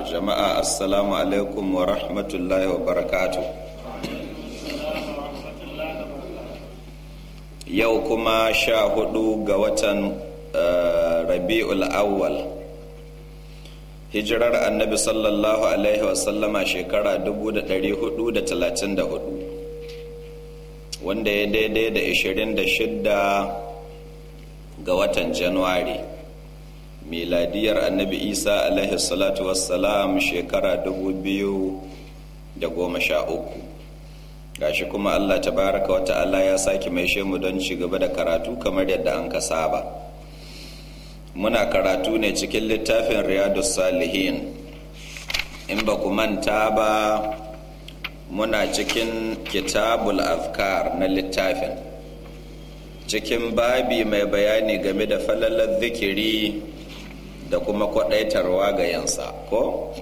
jama'a assalamu alaikum wa rahmatullahi wa barakatu yau kuma sha hudu ga watan eh, rabi'ul awwal hijirar annabi sallallahu alaihi wasallama shekara 434 wanda ya daidai da 26 ga watan januwari miladiyar annabi isa alaihi salatu wassalam shekara dubu biyu da goma sha uku gashi kuma allah tabaraka wa ta'ala ya sake mai shemu don ci gaba da karatu kamar yadda an ka saba muna karatu ne cikin littafin riyadus salihin in ba ku manta ba muna cikin kitabul afkar na littafin cikin babi mai bayani game da falalar zikiri da kuma kwaɗaitarwa ga yansa ko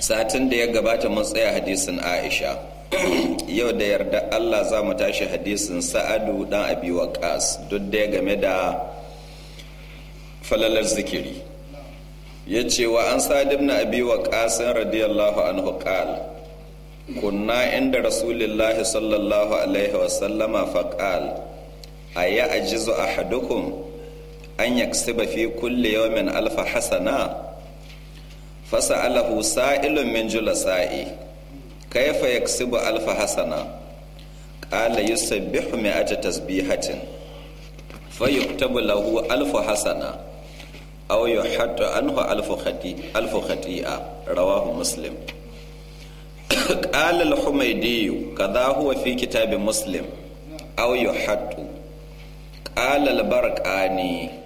satin da ya gabata mun tsaya hadisin aisha yau da yarda allah za mu tashi hadisin sa'adu dan abi waqas duk da game da falalar zikiri ya ce wa an sadib na abi radiyallahu anhu ƙal. kunna inda rasulillahi sallallahu alaihi wasallama A ya ajizu a ahadukum an yaksiba fi kulle yawmin alfa hasana fasa fasa'alahu sa'ilun min julasa'i kaifa yaksibu alfa hasana qala yusabbihu mi'ata tasbihatin fayuktabu lahu alfa hasana aw yuhaddu anhu alfu khati alfu khati'a rawahu muslim qala al-humaydi kadha huwa fi kitab muslim aw yuhaddu qala al-barqani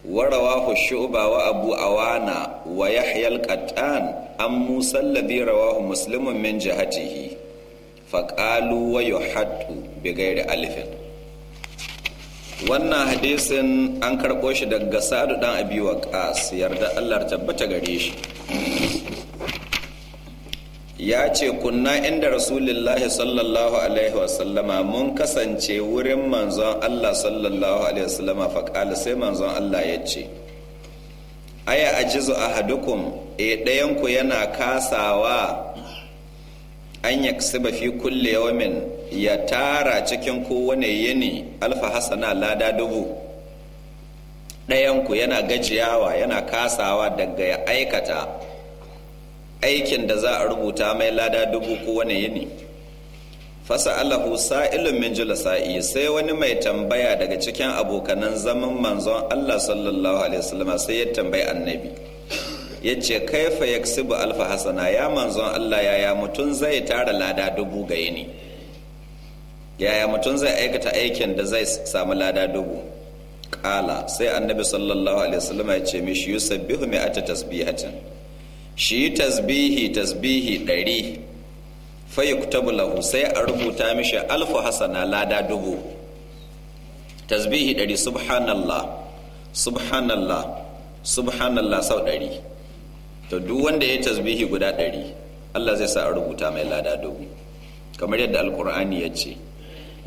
warawahu ku abu awana wa ya hayal kaɗan an musan ladi rawa ku musulman min jihatihi faƙalu wa yau haɗu bi gairi wannan hadisin an karɓo shi daga sadu ɗan abiwa ƙas yarda allar tabbata gare shi ya ce kunna inda rasulullahi sallallahu alaihi wasallama mun kasance wurin manzon Allah sallallahu alaihi wasallama faƙala sai manzon Allah ya ce aya ajizu ahadukum e ɗayanku yana kasawa an ya fi kulle yawamin ya tara cikin kowane yini alfa hasana lada dubu ɗayanku yana gajiyawa yana kasawa daga ya aikata aikin da za a rubuta mai lada dubu kowane yini fasa allahu sa'ilun min sa'i sai wani mai tambaya daga cikin abokanan zaman manzon allah sallallahu alaihi wasallam sai ya tambayi annabi ya ce kaifa ya sibu alfa hasana ya manzon allah yaya mutum zai tara lada dubu ga yini yaya mutum zai aikata aikin da zai samu lada dubu kala sai annabi sallallahu alaihi wasallam ya ce mishi mai mi'ata tasbihatin shi tasbihi tasbihi ɗari fayyuktabu lahu sai a rubuta mishi alfu hasana lada dubu tasbihi ɗari subhanallah subhanallah subhanallah sau ɗari to duk wanda ya tasbihi guda ɗari allah zai sa a rubuta mai lada dubu kamar yadda alkur'ani ya ce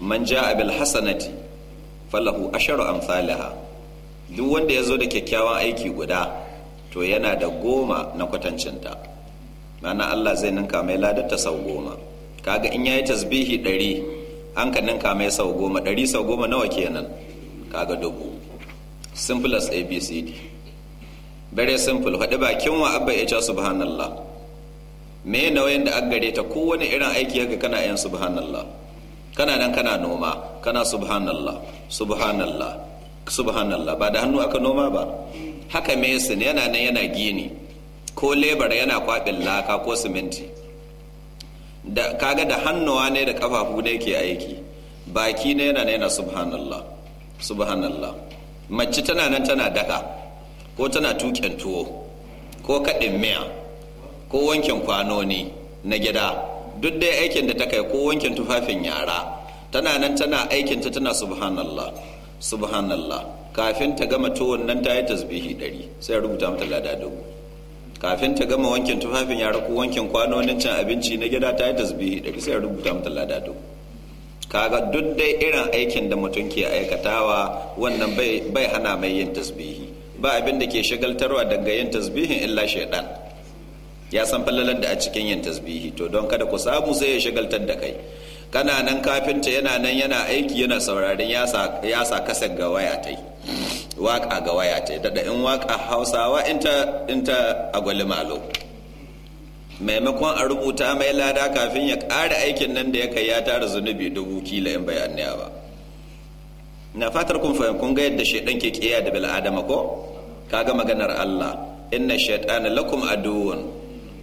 man ja abil hasanati falahu asharu amsalaha duk wanda ya zo da kyakkyawan aiki guda to yana da goma na kwatancinta mana Allah zai ninka mai ladarta sau goma kaga in yayi tasbihi ɗari an ka ninka mai sau goma ɗari sau goma nawa kenan kaga dubu simple as abcd very simple faɗi bakin wa abba ya ce subhanallah me nauyin da an gare ta kowane irin aiki yaga kana yin subhanallah kana nan kana noma kana subhanallah subhanallah subhanallah ba da hannu aka noma ba haka mesin yana nan yana gini ko lebar yana kwabin laka ko siminti da kaga da hannuwa ne da kafafu ne ke aiki baki ne yana yana subhanallah subhanallah mace tana nan tana daka ko tana tuken tuwo ko kaɗin miya ko wankin kwanoni na gida duk dai aikin da ta kai ko wankin tufafin yara tana nan tana aikinta tana subhanallah subhanallah kafin ta gama tuwon nan ta yi tasbihi ɗari sai rubuta mata lada dubu kafin ta gama wankin tufafin ya raku wankin kwanonin cin abinci na gida ta yi tasbihi ɗari sai rubuta mata lada dubu kaga duk dai irin aikin da mutum ke aikatawa wannan bai hana mai yin tasbihi ba abin da ke shagaltarwa daga yin tasbihin illa shaidan ya san fallalar da a cikin yin tasbihi to don kada ku samu sai ya shagaltar da kai kana nan kafinta yana nan yana aiki yana sauraren ya sa kasan ga waya ta waka ga waya ta daɗa in waka hausawa in ta agwali malo maimakon a rubuta mai lada kafin ya ƙara aikin nan da ya kai ya tara zunubi dubu kila in bayaniya ba na fatar kun fahim kun ga yadda shaidan ke kiyaya da bil adama ko kaga maganar Allah inna shaidan lakum aduwan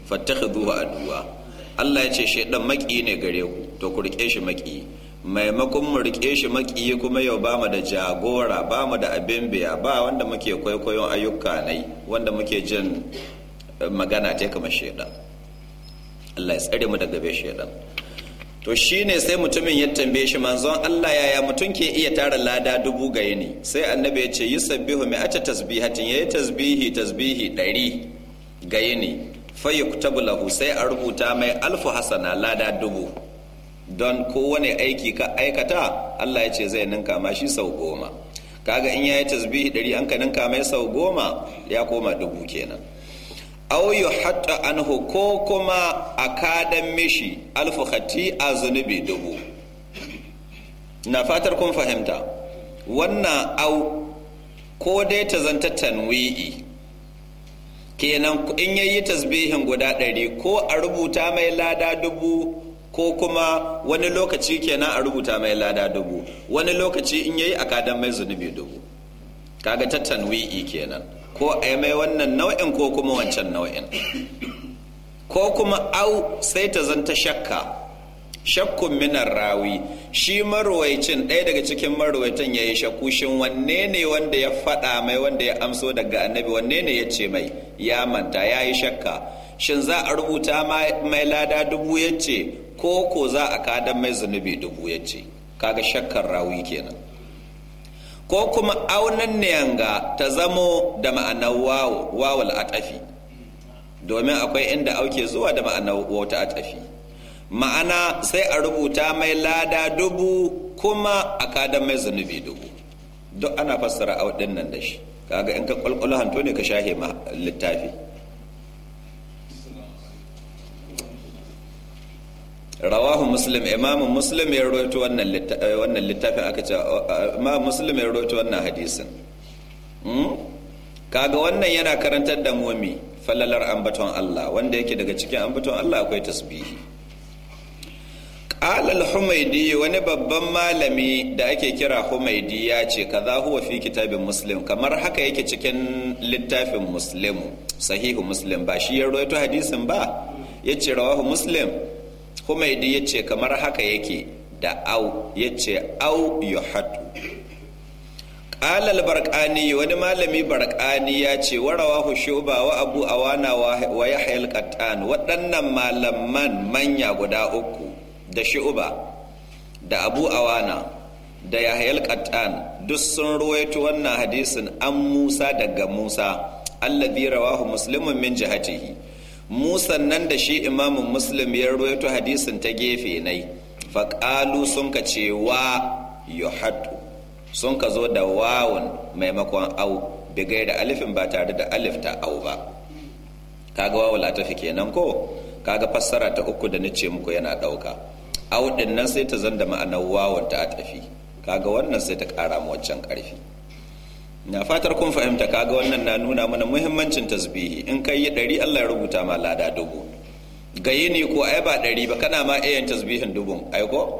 fattakhidhuhu aduwa. Allah ya ce shaidan maki ne gare ku to ku rike shi maki maimakon mu rike shi maki kuma yau ba da jagora ba mu da abin biya ba wanda muke kwaikwayon ayyuka ne wanda muke jin eh, magana ta kamar shaidan Allah ya tsare mu daga bai shaidan to shine sai mutumin ya tambaye shi manzon Allah yaya mutum ke iya tara lada dubu ga yini sai annabi ya ce yusabbihu mi'ata tasbihatin yayi tasbihi tasbihi ɗari ga yini fayyuktabu lahu sai a rubuta mai alfu hasana lada dubu don kowane aiki ka aikata Allah ya ce zai ninka ma shi sau goma kaga in yayi tasbihi ɗari an ka ninka mai sau goma ya koma dubu kenan aw yuhatta anhu ko kuma a kadan mishi alfu khati a zunubi dubu na fatar kun fahimta wannan au ko dai ta zanta tanwi'i kenan in yi tasbihin guda ɗari ko a rubuta mai lada dubu ko kuma wani lokaci kenan a rubuta mai lada dubu wani lokaci in yayi a kadan mai zunubi dubu kaga ta tanwi'i kenan ko a yi mai wannan nau'in ko kuma wancan nau'in ko kuma au sai ta zanta shakka shakkun minar rawi shi marwaicin ɗaya daga cikin marwaicin ya yi shakku shin wanne ne wanda ya faɗa mai wanda ya amso daga annabi wanne ne ya ce mai ya manta ya yi shakka shin za a rubuta mai lada dubu ya ce ko ko za a kadan mai zunubi dubu ya ce kaga shakkar rawi kenan ko kuma aunan yanga ta zamo da ma'anar wawul tafi domin akwai inda auke zuwa da ma'anar wata tafi. ma'ana sai a rubuta mai lada dubu kuma a kada mai zunubi dubu duk ana fassara a waɗin nan da shi kaga in ka kwalkwalo hanto ne ka shahe ma littafi rawahu muslim imamu muslim ya roto eh, wannan littafin aka ce eh, ma muslim ya roto wannan hadisin hmm? kaga wannan yana karantar da momi falalar ambaton Allah wanda yake daga cikin ambaton Allah akwai tasbihi alal humaidi wani babban malami da ake kira humaidi ya ce kaza huwa fi kitabin muslim kamar haka yake cikin littafin muslim sahihu muslim ba shi ya rawaito hadisin ba ya ce rawahu muslim humaidi ya ce kamar haka yake da au ya ce au yuhatu alal barkani wani malami barkani ya ce rawahu shuba wa abu awana wa yahya al waɗannan malaman manya guda uku da shi'uba da abu awana da yahayal qattan duk sun ruwaito wannan hadisin an musa daga musa alladhi rawahu muslimun min jihatihi musa nan da shi imamun muslim ya ruwaito hadisin ta gefe nai faƙalu sun ka ce wa yuhaddu sun ka zo da wawun maimakon au bigai da alifin ba tare da alif ta au ba kaga wawu tafi kenan ko kaga fassara ta uku da nace muku yana ɗauka a din nan sai ta zanda ma'anar wawan ta tafi kaga wannan sai ta kara mu wancan karfi na fatar kun fahimta kaga wannan na nuna mana muhimmancin tasbihi in kai yi ɗari Allah ya rubuta ma lada dubu gayi ne ko ai ba ɗari ba kana ma iya tasbihin dubun ai ko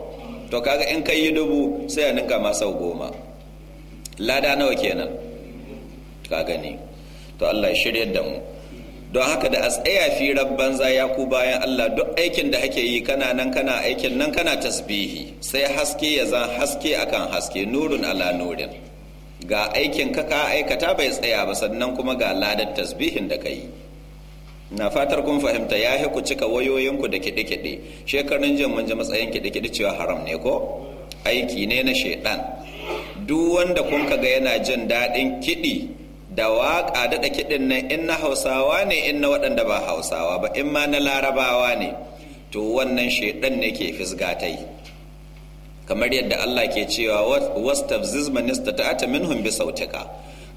to kaga in kai yi dubu sai ya ninka ma sau goma lada nawa kenan ka ne to Allah ya shiryar da mu don haka da a tsaya rabban banza ya ku bayan Allah duk aikin da hake yi kana nan kana aikin nan kana tasbihi sai haske ya zan haske akan haske nurin ala nurin ga aikin ka ka aikata bai tsaya ba sannan kuma ga ladar tasbihin da ka yi na fatar kun fahimta ya ku cika wayoyinku da kiɗe-kiɗe shekarun jin mun ji matsayin kiɗe-kiɗe cewa haram ne ko aiki ne na shaidan duk wanda kun ga yana jin daɗin kiɗi da waƙa daɗa kiɗin nan in na hausawa ne in na waɗanda ba hausawa ba in ma na larabawa ne to wannan shaidan ne ke fisgatai kamar yadda Allah ke cewa wastafziz ta ata minhum bi sautika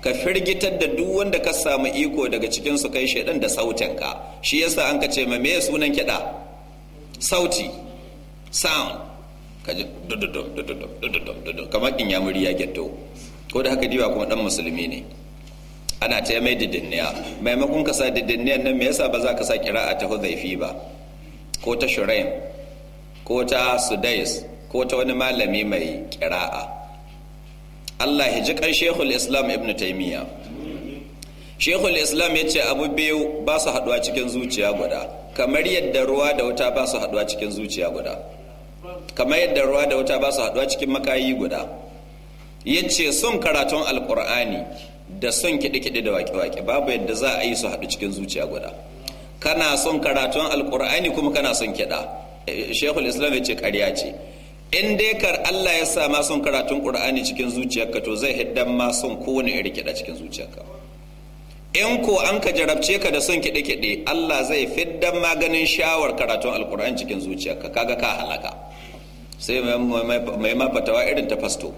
ka firgitar da duk wanda ka samu iko daga cikin su kai shaidan da sautinka shi yasa an ka ce ma me sunan kiɗa sauti sound kaji dududum dududum kamar in ya muri ya ghetto ko da haka diwa kuma dan musulmi ne ana ta mai didinniya maimakon ka sa didinniyan nan me yasa ba za ka sa kira'a ta hudhaifi ba ko ta shuraim ko ta sudais ko ta wani malami mai kira'a Allah ya ji Sheikhul islam ibn taimiyya Sheikhul islam ya ce abu biyu ba su haduwa cikin zuciya guda kamar yadda ruwa da wuta ba su haduwa cikin zuciya guda kamar yadda ruwa da wuta ba su haduwa cikin makayi guda ya ce sun karatun alqur'ani da son kiɗe-kiɗe da waƙe-waƙe babu yadda za a yi su haɗu cikin zuciya guda kana son karatun alƙur'ani kuma kana son kiɗa eh, shekul islam ya ce ƙarya ce in dai kar allah ya sa ma son karatun ƙur'ani cikin zuciyarka to zai hiddan ma son kowane irin kiɗa cikin zuciyarka in ko an ka jarabce ka da son kiɗe-kiɗe allah zai fiddan maganin shawar karatun alƙur'ani cikin zuciyarka kaga ka halaka sai mai mafatawa irin ta fasto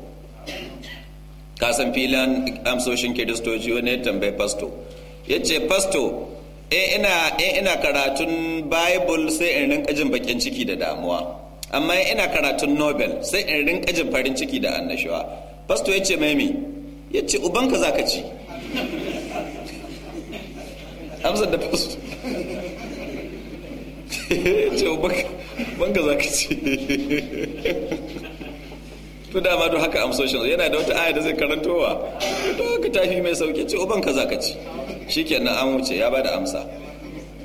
kasan filan amsoshin kiristoci wani ya tambayi pasto ya ce pasto e eh, eh, ina karatun bible sai in rinka jin bakin ciki da damuwa amma eh, ina karatun nobel sai in rinka jin farin ciki da annashuwa pasto ya ce maimi ya ce ubanka ka ci amsar da pasto ya ce ubanka ka ci to dama don haka amsoshin yana da wata aya da zai karantowa to haka tafi mai sauki ce uban kaza ka ci shikenan an wuce ya bada amsa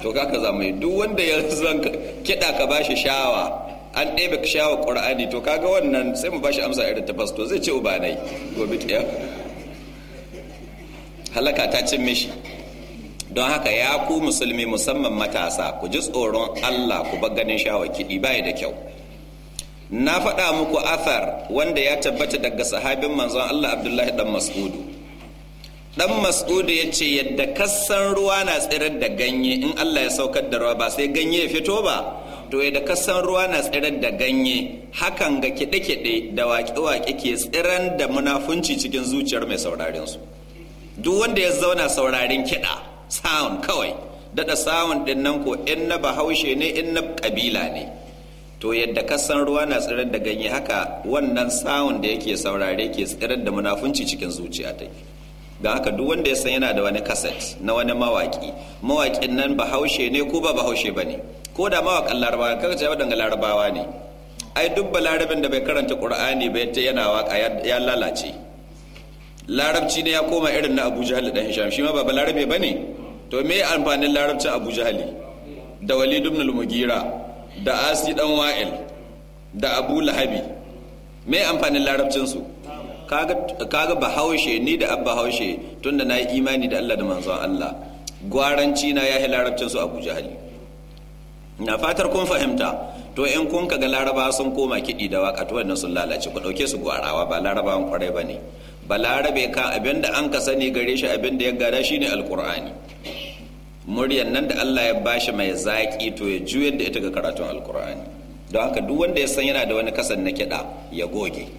to ka kaza mai duk wanda ya zan kiɗa ka bashi shawa an ɗebe shawa ƙur'ani to kaga wannan sai mu bashi amsa irin ta to zai ce uba nai gobe ya halaka ta cin mishi don haka ya ku musulmi musamman matasa ku ji tsoron allah ku bar ganin shawa kiɗi baya da kyau na faɗa muku athar wanda ya tabbata daga sahabin manzon Allah Abdullahi dan Mas'udu dan Mas'udu ya ce yadda kassan ruwa na tsirar da ganye in Allah ya saukar da ruwa ba sai ganye ya fito ba to yadda kassan ruwa na tsirar da ganye hakan ga kiɗe-kiɗe da waƙe-waƙe ke tsiran da munafunci cikin zuciyar mai sauraren su duk wanda ya zauna sauraren kiɗa sound kawai daɗa sound din nan ko in na bahaushe ne in na ƙabila ne to yadda kasan ruwa na tsirar da ganye haka wannan sawun da yake saurare ke tsirar da munafunci cikin zuciya ta don haka duk wanda ya san yana da wani kaset na wani mawaki mawakin nan bahaushe ne ko ba bahaushe ba ne ko da mawakan larabawa kaka ce wadanda larabawa ne ai duk larabin da bai karanta qur'ani ba yadda yana waka ya lalace larabci ne ya koma irin na abu jahal da hisham shi ma ba balarabe ba ne to me amfanin larabcin abu jahali da walidu ibn al-mugira da asi dan wa'il da abu lahabi me amfanin larabcinsu kaga bahaushe ni da bahaushe haushe da na yi imani da allah da manzon allah gwaranci na ya yi larabcinsu abu jahali na fatar kun fahimta to in kun kaga laraba sun koma kiɗi da waka to wannan sun lalace ku dauke su gwarawa ba larabawan kwarai ba ne balarabe abinda abin an ka sani gare shi abinda ya gada shine alkur'ani muryan nan da Allah ya bashi mai zaƙi to ya juyar da ita ga karatun alkur'ani don haka duk wanda ya san yana da wani kasan na kiɗa ya goge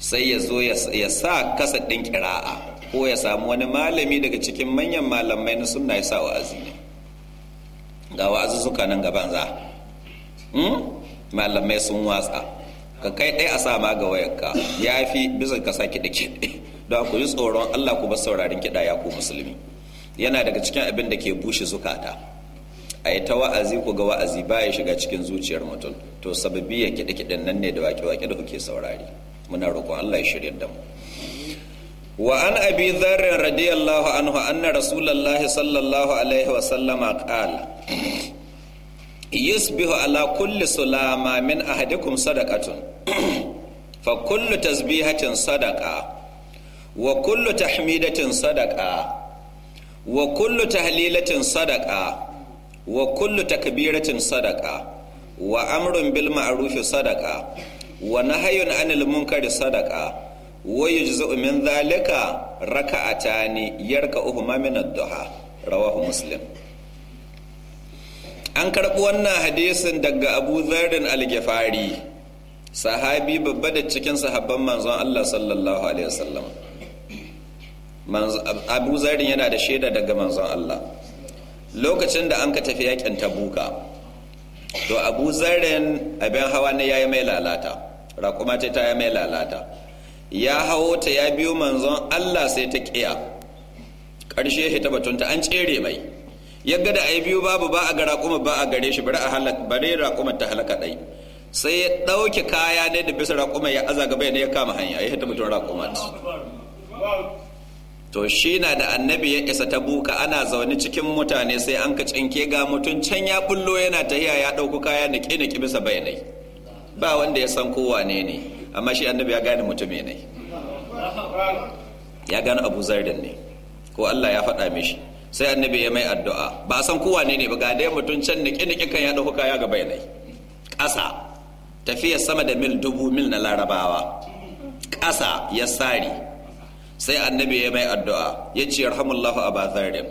sai ya zo ya sa kasar ɗin kira'a ko ya samu wani malami daga cikin manyan malamai na sunna ya sa wa'azi ne ga wa'azi suka nan gaban za hmm? malamai sun watsa ka kai ɗaya a sa ga wayarka ya fi bisa ka sa kiɗe-kiɗe don ku ji tsoron Allah ku ba saurarin kiɗa ya ku musulmi yana daga cikin abin da ke bushe zukata a yi ta wa'azi ko ga wa'azi ba ya shiga cikin zuciyar mutum to sababi ya kiɗe kiɗe nan ne da waƙe-waƙe da kuke saurari muna roƙon Allah ya shirya da mu wa an abi dharr radiyallahu anhu anna rasulullahi sallallahu alaihi wa sallama qala yusbihu ala kulli sulama min ahadikum sadaqatun fa kullu tasbihatin sadaqa wa kullu tahmidatin sadaka. wa kullu tahlilatin sadaka wa kullu takbiratin sadaka wa amrun bil ma'rufi sadaka wa nahyun anil munkari sadaka wa yujza'u min dhalika raka'atani yarka'uhuma min ad-duha rawahu muslim an karɓi wannan hadisin daga abu zarin al-gifari sahabi babba da cikin sahabban manzon Allah sallallahu alaihi wasallam abu zarin yana da shaida daga manzon Allah lokacin da an ka tafi yakin tabuka to abu zarin abin hawa ne ya yi mai lalata rakuma ce ta yi mai lalata ya hawo ta ya biyo manzon Allah sai ta kiya ƙarshe hita batunta an tsere mai yadda da a biyu babu ba a ga raƙuma ba a gare shi bari rakuma ta halaka ɗai sai ya ɗauki kaya ne da bisa rakuma ya aza gaba ne ya kama hanya ya hita batun rakuma to shi na da annabi ya isa ta buka ana zaune cikin mutane sai an ka cinke ga mutum can ya bullo yana tahiya ya ɗauko kaya na niki bisa bayanai ba wanda ya san kowa ne ne amma shi annabi ya gane mutum ne ya gane abu zardin ne ko Allah ya faɗa mishi sai annabi ya mai addu'a ba san kowa ne ne ba ga dai mutum can na niki kan ya ɗauko kaya ga bayanai ƙasa tafiya sama da mil dubu mil na larabawa ƙasa ya sari sai annabi ya mai addu'a ya ce rahamullahu aba zarrin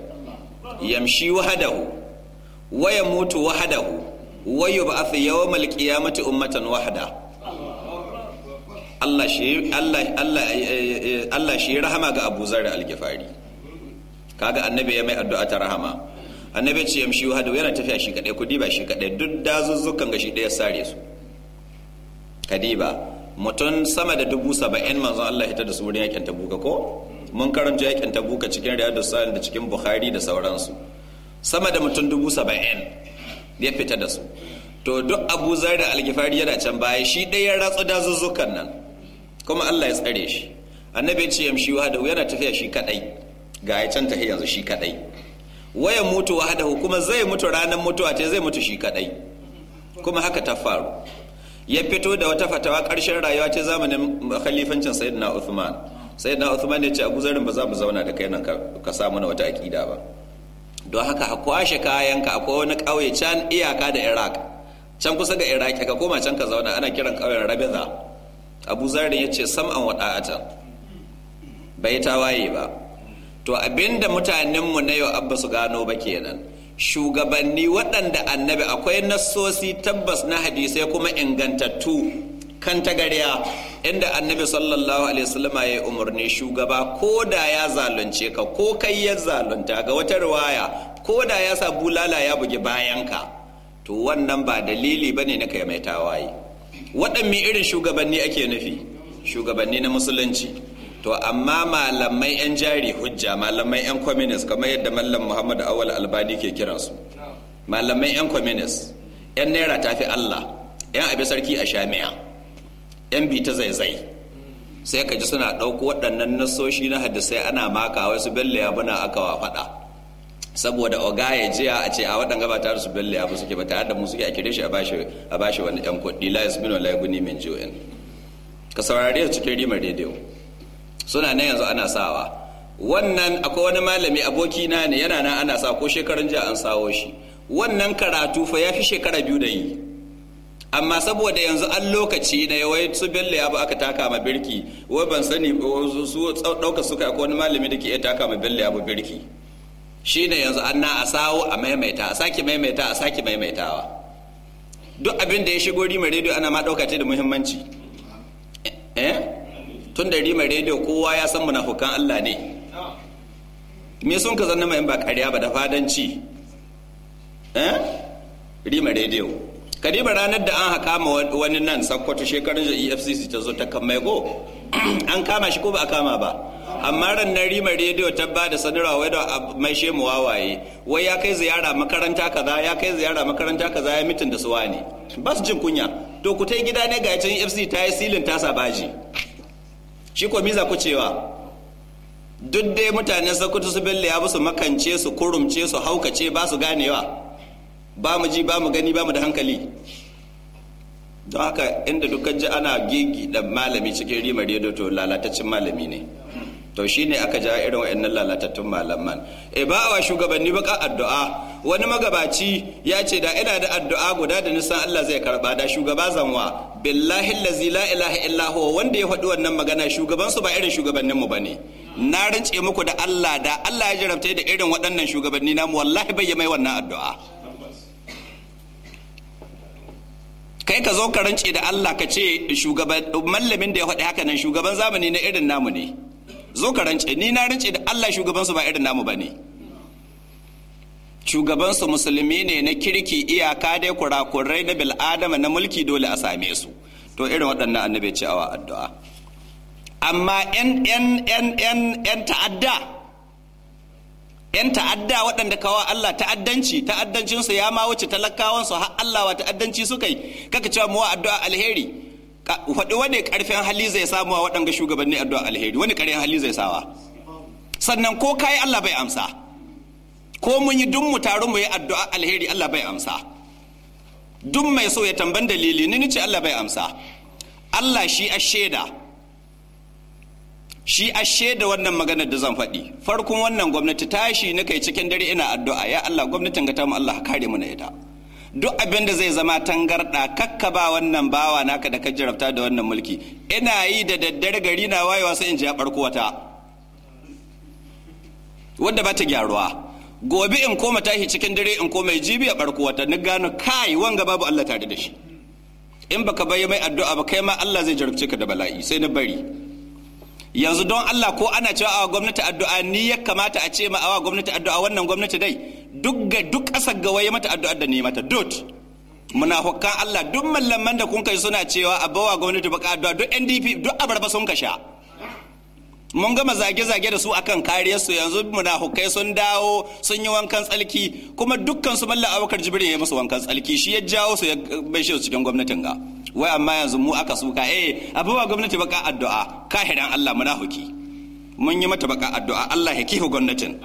yamshi wahadahu wa wayo mutu wahadahu fi yub'athu yawmal qiyamati ummatan wahada Allah shi eh, eh, Allah shi rahama ga Abu Zarri Alkifari. kaga annabi ya mai addu'a ta rahama annabi ce yamshi wahadahu yana tafiya shi kadai kudi ba shi kadai duk dazuzzukan ga shi daya sare su kadiba mutum sama da dubu saba'in manzon Allah ya da su wurin yakin tabuka ko mun karanta yakin tabuka cikin riyadu sa'in da cikin bukhari da sauransu sama da mutum dubu saba'in ya fita da su to duk abu da algifari yana can baya shi ɗaya ratsu dazuzzukan nan kuma Allah ya tsare shi annabi ce yamshi wahadahu yana tafiya shi kadai ga ya can tafiya yanzu shi kadai waya mutu wahadahu kuma zai mutu ranar mutuwa ce zai mutu shi kadai kuma haka ta faru ya fito da wata fatawa ƙarshen rayuwa ce zamanin khalifancin sayyidina Uthman sayyidina Uthman ya ce abuzarin ba za mu zauna da kai nan ka samu na wata aƙida ba don haka a kwashe kayanka akwai wani ƙauye can iyaka da Iraq can kusa ga Iraq ka koma can ka zauna ana kiran ƙauyen Rabiza Abu ya ce sam'an wada'atan bai ta waye ba to abinda mutanenmu na yau abba su gano ba kenan shugabanni waɗanda annabi akwai nassosi tabbas na hadisai kuma ingantattu kan tagarya inda annabi sallallahu alaihi wasallam ya umarni shugaba ko da ya zalunce ka ko kai ya zalunta ga wata riwaya ko da ya sa bulala ya bugi bayanka to wannan ba dalili ba ne na kai mai tawaye waɗanne irin shugabanni ake nufi shugabanni na musulunci to amma malamai 'yan jari hujja malamai 'yan communist kamar yadda mallam muhammad awal albani ke kiran su malamai 'yan communist 'yan naira tafi allah 'yan abin sarki a shamiya. 'yan bi ta zaizai sai ka ji suna ɗauko waɗannan nasoshi na hadisai ana maka wasu bello ya buna aka wa faɗa saboda oga ya jiya a ce a waɗanga ba tare su bello ya suke ba tare da mu suke a kire shi a bashi wani 'yan kuɗi la yasminu la yaguni min jiyoyin ka saurare cikin rimar rediyo suna nan yanzu ana sawa wannan akwai wani malami abokina ne yana nan ana sa ko shekarun jiya an sawo shi wannan karatu fa ya fi shekara biyu da yi amma saboda yanzu an lokaci na yawai su bello ya ba aka taka ma birki wai ban sani su ɗauka suka akwai wani malami da ke iya taka ma bello ya ba birki ne yanzu an na a sawo a maimaita a sake maimaita a sake maimaitawa duk abin da ya shigo rima rediyo ana ma ɗauka ta da muhimmanci eh tun da rima rediyo kowa ya san munafukan Allah ne me sun ka zanna mai ba ƙarya ba da fadanci eh rima rediyo kadiba ranar da an haka ma wani nan sakkwato shekarun da efcc ta zo ta kan go an kama shi ko ba a kama ba amma ranar rima rediyo ta ba da sanarwa wai da mai mu wawaye wai ya kai ziyara makaranta kaza ya kai ziyara makaranta kaza ya mitin da su wani. ba su jin kunya to ku tai gida ne ga yacin efcc ta yi silin tasa baji shi ko miza ku cewa duk dai mutanen sokoto su bello ya su makance su kurumce su haukace ba su ganewa ba mu ji ba mu gani ba mu da hankali don haka inda dukkan ji ana gigi da malami cikin rimar yadda to lalataccen malami ne to shine aka ja irin wa'annan lalatattun malaman e ba wa shugabanni baka addu'a wani magabaci ya ce da ina da addu'a guda da nisan Allah zai karba da shugaba zanwa billahi lazi la ilaha illa huwa wanda ya faɗi wannan magana shugaban su ba irin shugabannin mu bane na rance muku da Allah da Allah ya jarabta da irin waɗannan shugabanni namu wallahi bai mai wannan addu'a kai ka zo ka rance da Allah ka ce shugaban mallamin da ya faɗi haka nan shugaban zamani na irin namu ne zo ka rance ni na rance da Allah shugaban su ba irin namu bane shugabansu musulmi ne na kirki iyaka dai kurakurai na bil'adama na mulki dole a same su to irin waɗannan annabi ce awa addu'a amma yan yan yan yan yan ta'adda yan ta'adda waɗanda kawo Allah ta'addanci ta'addancinsu ya ma wuce talakawansu har Allah wa ta'addanci suka yi kaka cewa mu addu'a alheri faɗi wani karfin hali zai samu a waɗanga shugabanni addu'a alheri wani karfin hali zai sawa sannan ko kai Allah bai amsa ko mun yi duk mu taru mu yi addu'a alheri Allah bai amsa duk mai so ya tamban dalili ni ce Allah bai amsa Allah shi a sheda shi a sheda wannan maganar da zan faɗi farkon wannan gwamnati tashi na kai cikin dare ina addu'a ya Allah gwamnatin ga mu Allah kare mu na ita duk abin da zai zama tangarɗa kakka ba wannan bawa naka da ka jarabta da wannan mulki ina yi da daddare gari na wayewa sai in ji ya barko wata wadda ba ta gyaruwa gobe in koma tashi cikin dare in koma jibi a barko wata ni gano kai wanga babu Allah tare da shi in baka bayi mai addu'a ba kai ma Allah zai jarabce ka da bala'i sai na bari yanzu don Allah ko ana cewa awa gwamnati addu'a ni ya kamata a ce ma awa gwamnati addu'a wannan gwamnati dai duk ga duk kasar gawaye mata addu'a da ni mata dot muna hukkan Allah duk mallaman da kun kai suna cewa a bawa gwamnati baka addu'a duk NDP duk abarba sun ka sha mun gama zage-zage da su akan su yanzu munafukai sun dawo sun yi wankan tsalki kuma dukkan su mallan abokan jibrin ya musu wankan tsalki shi ya jawo su ya bai su cikin gwamnatin ga wai amma yanzu mu aka suka eh abu ba gwamnati baka addu'a ka kahiran Allah munafuki mun yi mata baka addu'a Allah ya kihu gwamnatin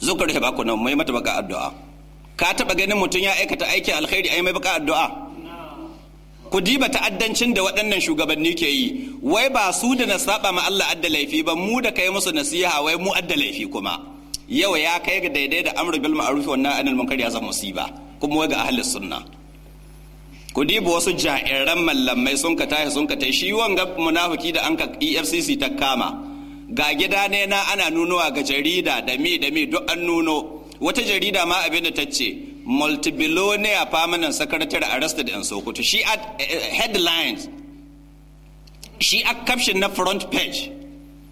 zukar ba ku nan mai mata baka addu'a ka taba ganin mutum ya aikata aikin alkhairi ai mai baka addu'a ku diba ta'addancin da waɗannan shugabanni ke yi wai ba su da na saba ma Allah adda laifi ba mu da kai musu nasiha wai mu adda laifi kuma yau ya kai ga daidai da amru bil ma'ruf wa nahy anil munkar ya zama musiba kuma wai ga ahli sunna ku diba wasu ja'iran mallamai sun ka tashi sun ka tai shi wanga munafiki da anka EFCC ta kama ga gida ne na ana nunowa ga jarida da me da me duk an nuno wata jarida ma abinda da ta ce multibillionaire permanent secretary arrested in Sokoto She eh, had eh, headlines shi a caption na front page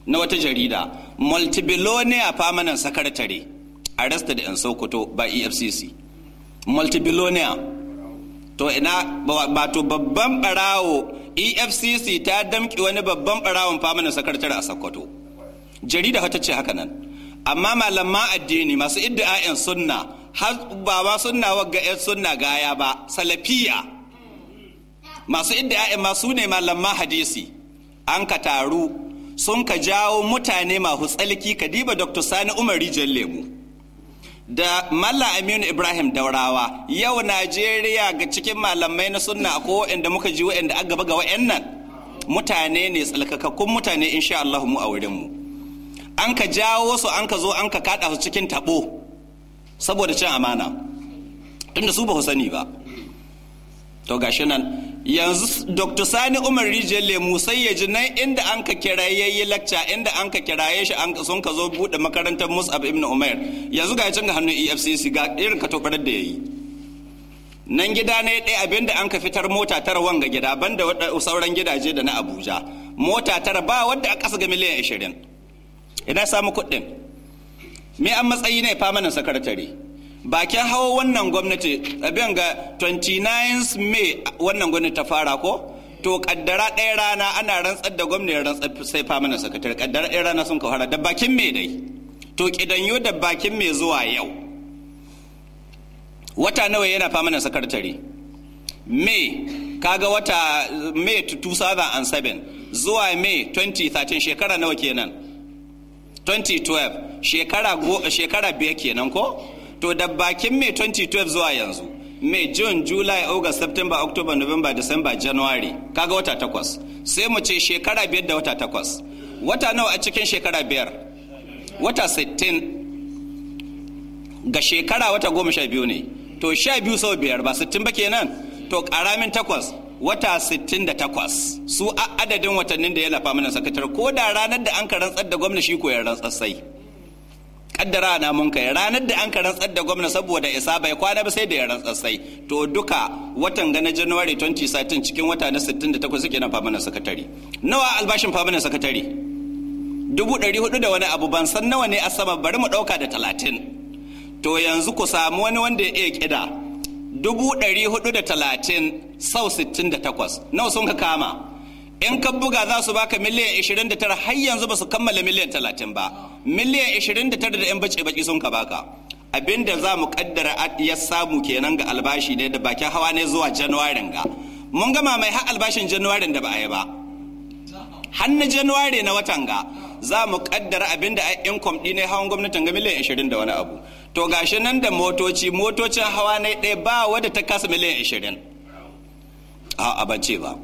na wata jarida multibillionaire permanent secretary arrested in Sokoto by EFCC multibillionaire to ina ba to babban barawo EFCC ta damki wani babban barawon permanent secretary a Sokoto jarida wata ce haka nan amma malaman addini masu iddia'in sunna ba ba sunna wagga yan sunna gaya ba salafiya masu idda ya'i masu ne malaman hadisi an ka taru sun ka jawo mutane masu tsalki kadiba dr sani umari lemu da malla aminu ibrahim daurawa yau najeriya ga cikin malamai na sunna ko inda muka ji wa'anda an gaba ga wa'annan mutane ne tsalkakakkun mutane insha Allah mu a wurinmu an ka jawo su an ka zo an ka kada su cikin taɓo. saboda cin amana tunda su ba ku sani ba to gashi nan yanzu dr sani umar rijiyar lemu sai ya ji nan inda an ka ya yi lakca inda an ka kira ya shi an sun ka zo buɗe makarantar mus'ab ibn umar yanzu ga cin hannun efcc ga irin ka tobarar da ya yi nan gida ne ɗaya abinda an ka fitar mota tara wanga gida ban da sauran gidaje da na abuja mota tara ba wadda a ƙasa ga miliyan ashirin ina samu kuɗin me an matsayi ne famanin sakatare bakin hawa wannan gwamnati abin ga 29 may wannan gwamnati ta fara ko to kaddara ɗaya rana ana rantsar da gwamnati rantsar sai famanin sakatare kaddara ɗaya rana sun kawara da bakin me dai to kidanyo da bakin me zuwa yau wata nawa yana famanin sakatare may kaga wata may 2007 zuwa may 2013 shekara nawa kenan 2012 shekara shekara biyar kenan ko to da bakin mai 2012 zuwa yanzu mai june july august september october november december january kaga wata takwas sai mu ce shekara biyar da wata takwas wata nawa a cikin shekara biyar wata 60 ga shekara wata goma sha biyu ne to sha biyu sau biyar ba 60 ba kenan to karamin takwas wata 68 su a adadin watannin da ya lafa mana sakatar ko da ranar da an ka rantsar da gwamna shi ko ya rantsar sai kaddara na mun kai ranar da an ka rantsar da gwamna saboda isa bai kwana ba sai da ya rantsar sai to duka watan ga na January 2013 cikin wata na 68 suke na famanan sakatare nawa albashin famanan sakatare dubu ɗari hudu da wani abu ban san nawa ne a sama bari mu ɗauka da talatin to yanzu ku samu wani wanda ya iya ƙida talatin sau takwas nawa sun ka kama in ka buga za su baka miliyan 29 har yanzu ba su kammala miliyan 30 ba miliyan 29 da 'yan bace-baki sun ka baka abinda za mu kaddara ya samu kenan ga albashi ne da bakin hawa ne zuwa januwarin ga mun gama mai har albashin januwarin da ba a yi ba hannu januwari na watan ga za mu kaddara abin da income ɗi ne hawan gwamnatin ga miliyan 20 da wani abu to gashi nan da motoci motocin hawa na ɗaya ba wadda ta kasa miliyan 20 a ban ba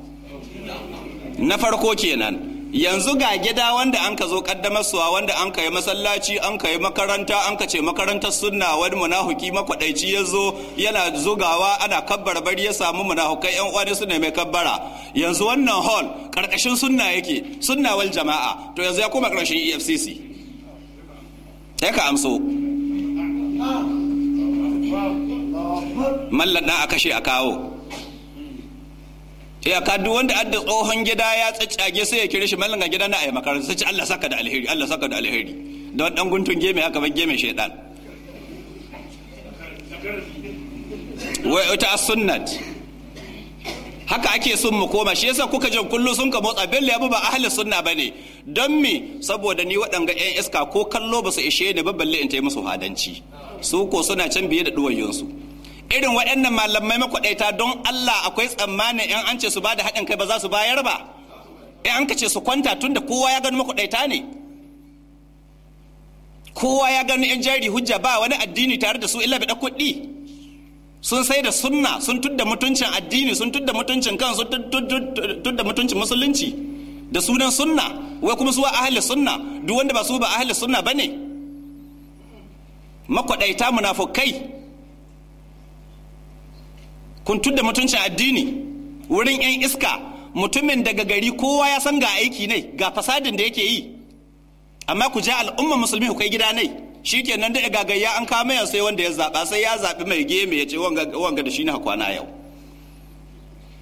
na farko kenan yanzu ga gida wanda an ka zo kaddamarsuwa wanda an ka yi masallaci an ka yi makaranta an ka ce makarantar sunna wani munahuki makwadaici ya zo yana zugawa ana kabbara bari ya samu munahukai yan uwa su ne mai kabbara yanzu wannan hall karkashin sunna yake sunna wal jama'a to yanzu ya koma karkashin efcc ya ka amso mallada a kashe a kawo ka duk wanda adda tsohon gida ya tsaccage sai ya kire shi mallan ga gida na ayi makaranta, sai Allah saka da alheri Allah saka da alheri da dan guntun geme aka bar geme shaydan wa ita sunnat haka ake sun mu koma shi yasa kuka jin kullu sun ka motsa bello ya ba ahli sunna bane don me saboda ni waɗanga yan iska ko kallo ba su ishe ni ba balle in ta yi musu hadanci su ko suna can biye da duwayensu irin waɗannan malamai makwaɗaita don Allah akwai tsammanin in an ce su bada haɗin kai ba za su bayar ba in an ce su kwanta tun da kowa ya gani makwaɗaita ne kowa ya gani yan jari hujja ba wani addini tare da su illa bi kuɗi sun sai da sunna sun tudda mutuncin addini sun tudda mutuncin kan sun tudda mutuncin musulunci da sunan sunna wai kuma su ahli sunna duk wanda ba su ba ahli sunna bane makwaɗaita munafukai kun tudda mutuncin addini wurin 'yan iska mutumin daga gari kowa ya san ga aiki ne ga fasadin da yake yi amma ku je al'umma musulmi ku kai gida ne shi ke nan da gagayya an kama ya sai wanda ya zaɓa sai ya zabi mai geme ya ce wanga da shi na kwana yau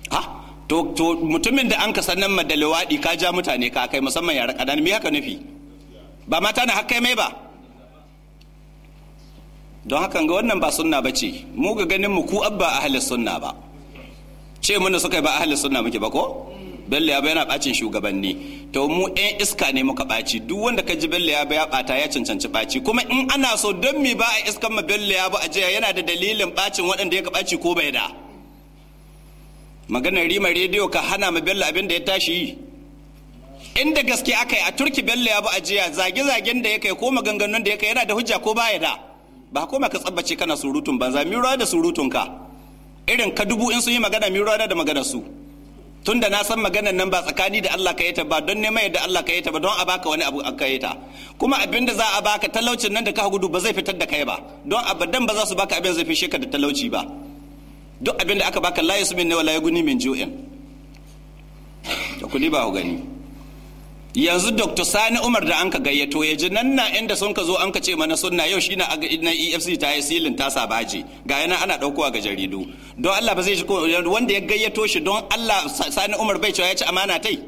ha to mutumin da an ka sannan madalawadi ka ja mutane ka kai musamman yara kadan me haka nufi ba mata na hakkai mai ba don hakan ga wannan ba sunna ba ce mu ga ganin mu ku abba ahli sunna ba ce muna suka ba ahli sunna muke ba ko bello ya yana bacin shugabanni to mu ɗan iska ne muka baci duk wanda ka ji bello ya ya bata ya cancanci baci kuma in ana so don mi ba a iskan ma bello ya ba a jiya yana da dalilin bacin waɗanda ya ka baci ko bai da maganar rima rediyo ka hana ma bello abin da ya tashi yi inda gaske aka yi a turki bello ya ba a jiya zage-zagen da ya kai ko maganganun da ya kai yana da hujja ko baya da ba koma ka tsabbace kana surutun banza mi ruwa da surutun ka irin ka dubu in sun yi magana mi ruwa da magana su tun da na san maganar nan ba tsakani da Allah ka yi ta ba don neman yadda Allah ka yi ta ba don a baka wani abu ka yi ta kuma abin da za a baka talaucin nan da ka gudu ba zai fitar da kai ba don abadan ba za su baka abin zai fishe ka da talauci ba duk abin da aka baka la yasmin ne wala yaguni min ju'in to kudi ba ku gani yanzu dr sani umar da anka gayyato ya ji nan na inda sun ka zo an ka ce mana sunna yau shine na efc ta yi silin tasa baji ga yana ana daukowa ga jaridu don allah ba zai ji wanda ya gayyato shi don allah sani umar bai cewa ya ci amana tai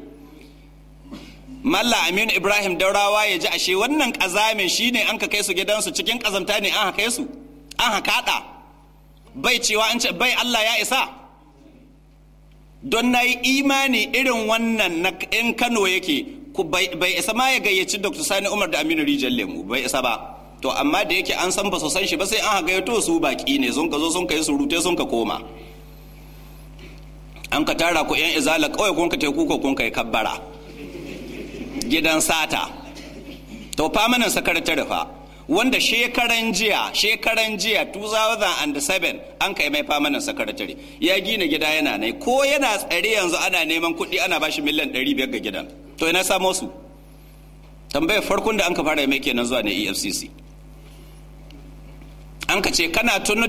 malla aminu ibrahim daurawa ya ji ashe wannan kazamin shine an ka kai su gidansu cikin kazamta ne an haka su an haka bai cewa an ce bai allah ya isa don na yi imani irin wannan na in kano yake bai isa ma ya gayyaci dr sani umar da aminu rijal lemu bai isa ba to amma da yake an san ba su san shi ba sai an gayyato su baki ne sun ka zo sun ka yi surute sun ka koma an ka tara ku yan izala kawai kun ka teku kun ka yi kabbara gidan sata to famanin sakaratar fa wanda shekaran jiya shekaran jiya 2007 an kai mai famanin sakaratar ya gina gida yana nai ko yana tsare yanzu ana neman kuɗi ana bashi miliyan 500 ga gidan to ina samo su tambayar farkon da an ka fara mai kenan zuwa na efcc an ka ce kana tuno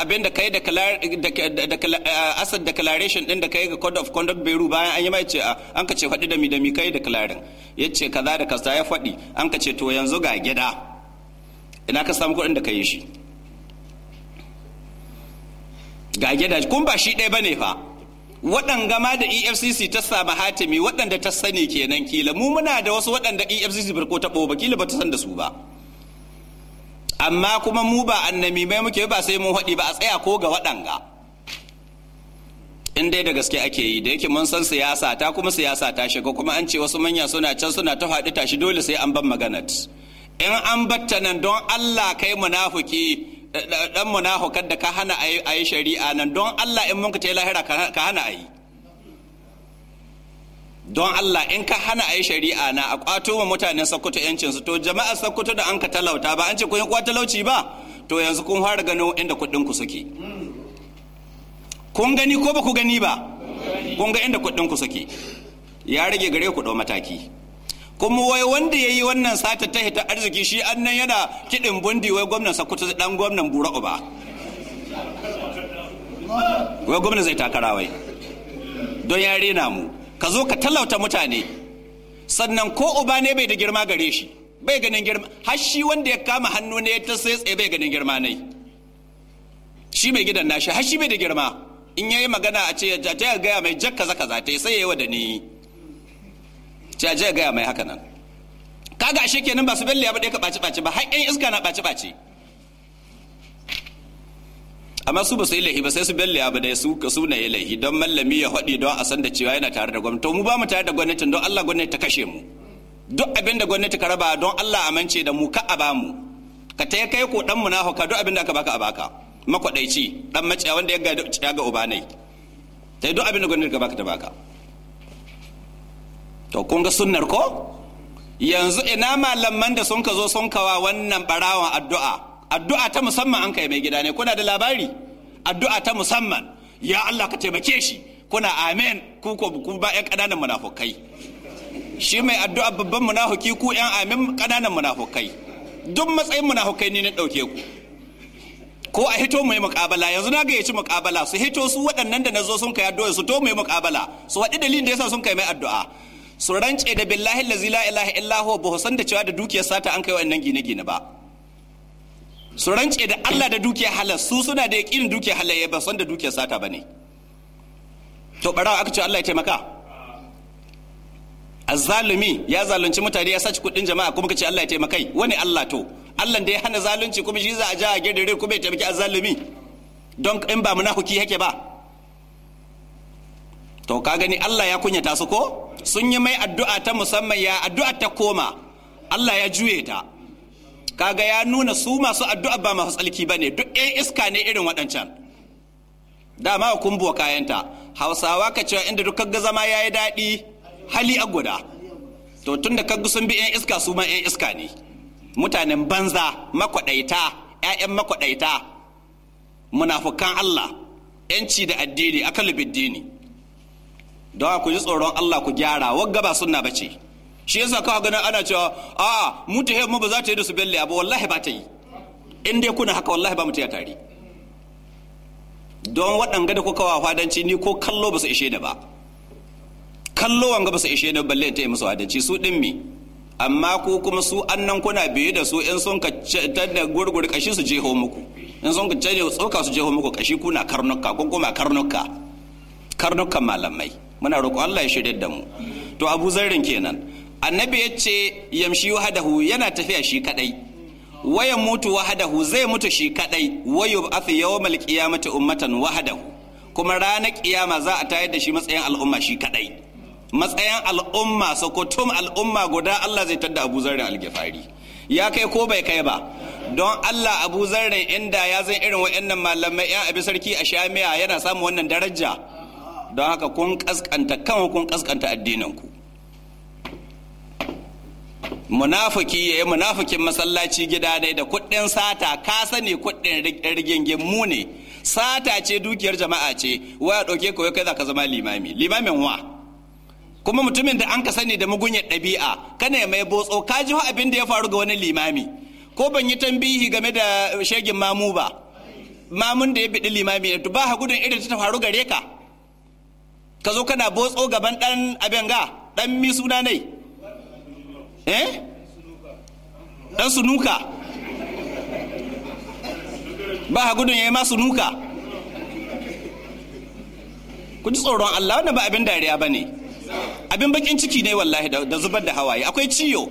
abin da kai eh, asset declaration din da kai ga code of conduct beru bayan an yi mai ce ah, an ka ce faɗi da mi da mi kai declaring ya ce kaza da kasta ya faɗi an ka ce to yanzu ga gida ina ka samu kuɗin da ka yi shi ga gida kun ba shi ɗaya bane fa waɗanga ma da efcc ta sami hatimi waɗanda ta sani kenan kila mu muna da wasu waɗanda efcc barko ta ɓoba kila ba ta san da su ba amma kuma mu ba annami mai muke ba sai mun haɗi ba a tsaya ko ga waɗanga in dai da gaske ake yi da yake mun san siyasa ta kuma siyasa ta shiga kuma an ce wasu manya suna can suna ta faɗi tashi dole sai an ban maganat in an batta nan don allah kai munafuki dan munafikan da ka hana a yi shari'a nan don Allah in mun ka yi lahira ka hana a yi don Allah in ka hana a yi shari'a na a kwato wa mutanen Sokoto yancin su to jama'a Sokoto da an ka talauta ba an ce kun yi kwa talauci ba to yanzu kun fara gano inda kuɗin ku suke kun gani ko ba ku gani ba kun ga inda kuɗin ku suke ya rage gare ku ɗau mataki kuma wai wanda ya yi wannan sata ta hita arziki shi an nan yana kiɗin bundi wai gwamnan sakuta dan gwamnan bura uba wai gwamnan zai takara wai don ya rena mu ka zo ka talauta mutane sannan ko uba ne bai da girma gare shi bai ganin girma har shi wanda ya kama hannu ne ta sai tsaye bai ganin girma ne shi mai gidan nashi har shi bai da girma in yayi magana a ce ta gaya mai jakka zaka zata sai yayi wa da ni ce je gaya mai haka nan ga shi kenan ba su bello ba bade ka baci baci ba har yan iska na baci baci amma su ba su yi laifi ba sai su bello ba dai su ka suna yi laifi don mallami ya haɗi don a san da cewa yana tare da gwamnati to mu ba mu tare da gwamnatin don Allah gwamnati ta kashe mu duk abin da gwamnati ka raba don Allah amince da mu ka a ba mu ka ta kai ko dan mu na ka duk abin da aka baka a baka makwadaici dan maciya wanda ya ga uba ta yi duk abin da gwamnati ka baka ta baka to kun ga sunnar ko yanzu ina malaman da sun ka zo sun kawa wannan barawan addu'a addu'a ta musamman an kai mai gida ne kuna da labari addu'a ta musamman ya Allah ka taimake shi kuna amen ku ko ku ba ƴan ƙananan munafukai shi mai addu'a babban munafuki ku ƴan amin ƙananan munafukai duk matsayin munafukai ne na ɗauke ku ko a hito mu yi muƙabala yanzu na gayyaci muƙabala su hito su waɗannan da na zo sun kai addu'a su to mu yi muƙabala su waɗi dalilin da yasa sun kai mai addu'a su rance da billahi lazi la ilaha illa huwa ba san da cewa da dukiyar sata an kai wa'annan gine-gine ba su rance da Allah da dukiyar halal su suna da yaƙinin dukiyar halal ya ba san da dukiyar sata ba ne to bara aka ce Allah ya taimaka azzalumi ya zalunci mutane ya saci kuɗin jama'a kuma kace Allah ya taimakai wani Allah to Allah da ya hana zalunci kuma shi za a ja a gedere kuma ya taimaki azzalumi don in ba munafiki yake ba to ka gani Allah ya kunyata su ko sun yi mai addu'a ta musamman ya addu'a ta koma Allah ya juye ta kaga ya nuna su masu addu'a ba masu tsalki ba ne duk 'yan iska ne irin waɗancan dama ku kumbuwa kayanta hausawa ka cewa inda duk kaga zama ya yi daɗi hali a guda to tun da kaga sun bi 'yan iska su ma ɗan iska ne mutanen banza makwaɗaita ‘ya'yan makwaɗaita munafukan Allah ‘yanci da addini akalubin dini don ku ji tsoron Allah ku gyara wagga ba sunna bace shi yasa kawo ganin ana cewa a mu ta mu ba za ta yi da su belle abu wallahi ba ta yi in dai kuna haka wallahi ba mu ta tare don waɗanga da kuka wa fadanci ni ko kallo ba su ishe da ba kallo wanga ba su ishe da balle ta yi musu fadanci su ɗin mi amma ku kuma su annan kuna biye da su in sun ka da gurgur kashi su jeho muku in sun ka tsoka su jeho muku kashi kuna karnuka kun kuma karnuka karnukan malamai muna roƙo Allah ya shirya da mu to Abu kenan annabi ya ce yamshi wahadahu yana tafiya shi kaɗai. wayan mutu wahadahu zai mutu shi kadai wayu afi yawmal qiyamati ummatan wahadahu kuma ranar kiyama za a tayar da shi matsayin al'umma shi kaɗai. matsayin al'umma sokotum al'umma guda Allah zai tadda Abu Zarrin algifari ya kai ko bai kai ba don Allah Abu inda ya zan irin waɗannan malamai yan abi sarki a Shamiya yana samun wannan daraja don haka kun kaskanta kan kun kaskanta addininku munafiki ya yi munafikin masallaci gida dai da kuɗin sata ka sani kuɗin rigingin mu ne sata ce dukiyar jama'a ce waya ɗauke ka kai za ka zama limami limamin wa kuma mutumin da an ka sani da mugunyar ɗabi'a kana mai botso ka ji abin da ya faru ga wani limami ko ban yi tambihi game da shegin mamu ba mamun da ya biɗi limami ba ha gudun irin ta faru gare ka ka zo kana botso gaban dan abin ga dan mi suna ne eh dan sunuka ba ha gudun yayi ma sunuka ku ji tsoron Allah wannan ba abin dariya bane abin bakin ciki ne wallahi da zubar da hawaye akwai ciyo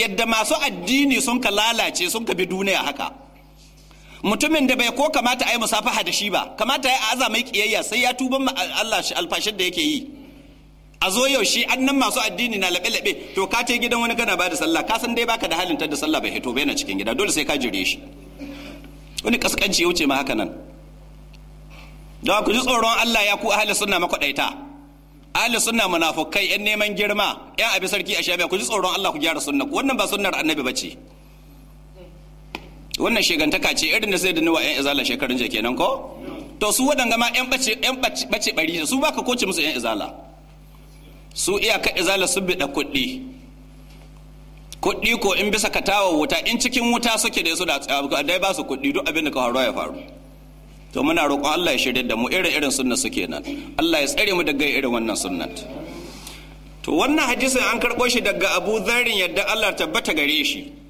yadda masu addini sun ka lalace sun ka bi duniya haka mutumin da bai ko kamata a yi musafaha da shi ba kamata ya aza mai kiyayya sai ya tuba Allah shi alfashin da yake yi a zo yau shi annan masu addini na labe labe to ka ta gidan wani kana bada sallah ka san dai baka da halin da sallah bai hito bai na cikin gida dole sai ka jire shi wani kaskanci ya wuce ma haka nan don ku ji tsoron Allah ya ku ahli sunna makwadaita ahli sunna munafukai yan neman girma yan abi sarki a shabiya ku ji tsoron Allah ku gyara sunna wannan ba sunnar annabi bace wannan shegantaka ce irin da sai da nawa yan izala shekarun jiya kenan ko to su waɗanga ma yan bace yan bace bari su baka koce musu yan izala su iyaka izala su bi da kuɗi kuɗi ko in bisa ka tawo wuta in cikin wuta suke da su da dai ba su kuɗi duk abin da ka haro ya faru to muna roƙon Allah ya shirya da mu irin irin sunna suke nan Allah ya tsare mu daga irin wannan sunnat to wannan hadisin an karɓo shi daga Abu zarin yadda Allah tabbata gare shi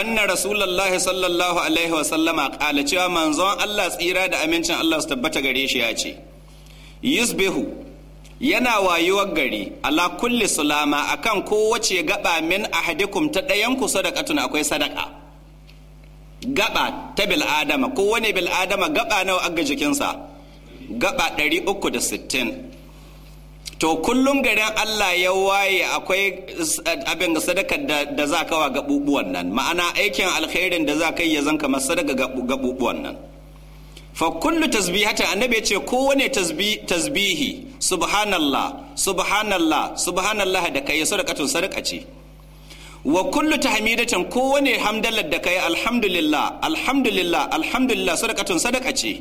anna rasulullahi sallallahu alaihi wa sallama kala cewa manzon Allah tsira da amincin Allah su tabbata gare shi ya ce yusbihu yana wayuwar gari ala kulli sulama akan kowace gaba min ahadikum ta ɗayan ku sadaqatun akwai sadaka gaba ta bil adama kowane bil adama gaba nawa aga jikinsa gaba 360 to kullum garin Allah ya waye akwai abin da sadakar da za ka wa gabubuwan nan ma'ana aikin alkhairin da za ka yi ya zan kamar sadaka gabubuwan nan fa kullu tasbihata annabi ce kowane tasbihi subhanallah subhanallah subhanallah da kai sadaqatun sadaka ce wa kullu tahmidatin kowane hamdalar da kai alhamdulillah alhamdulillah alhamdulillah sadaqatun sadaka ce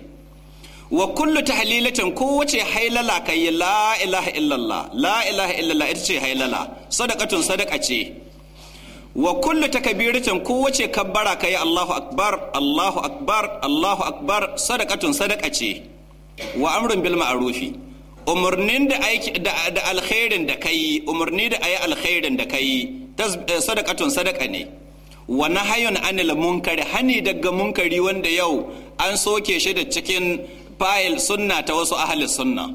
wa kullu tahlilatin kowace hailala kai la ilaha illallah la ilaha illallah ita ce hailala sadaqatun sadaqa ce wa kullu takbiratin kowace kabbara kai Allahu akbar Allahu akbar Allahu akbar sadaqatun sadaqa ce wa amrun bil ma'rufi umurnin da aiki da alkhairin da kai umurni da ayi alkhairin da kai eh, sadaqatun sadaqa ne wa nahayun anil munkari hani daga munkari wanda yau an soke shi da cikin fayil sunna ta wasu ahalin sunna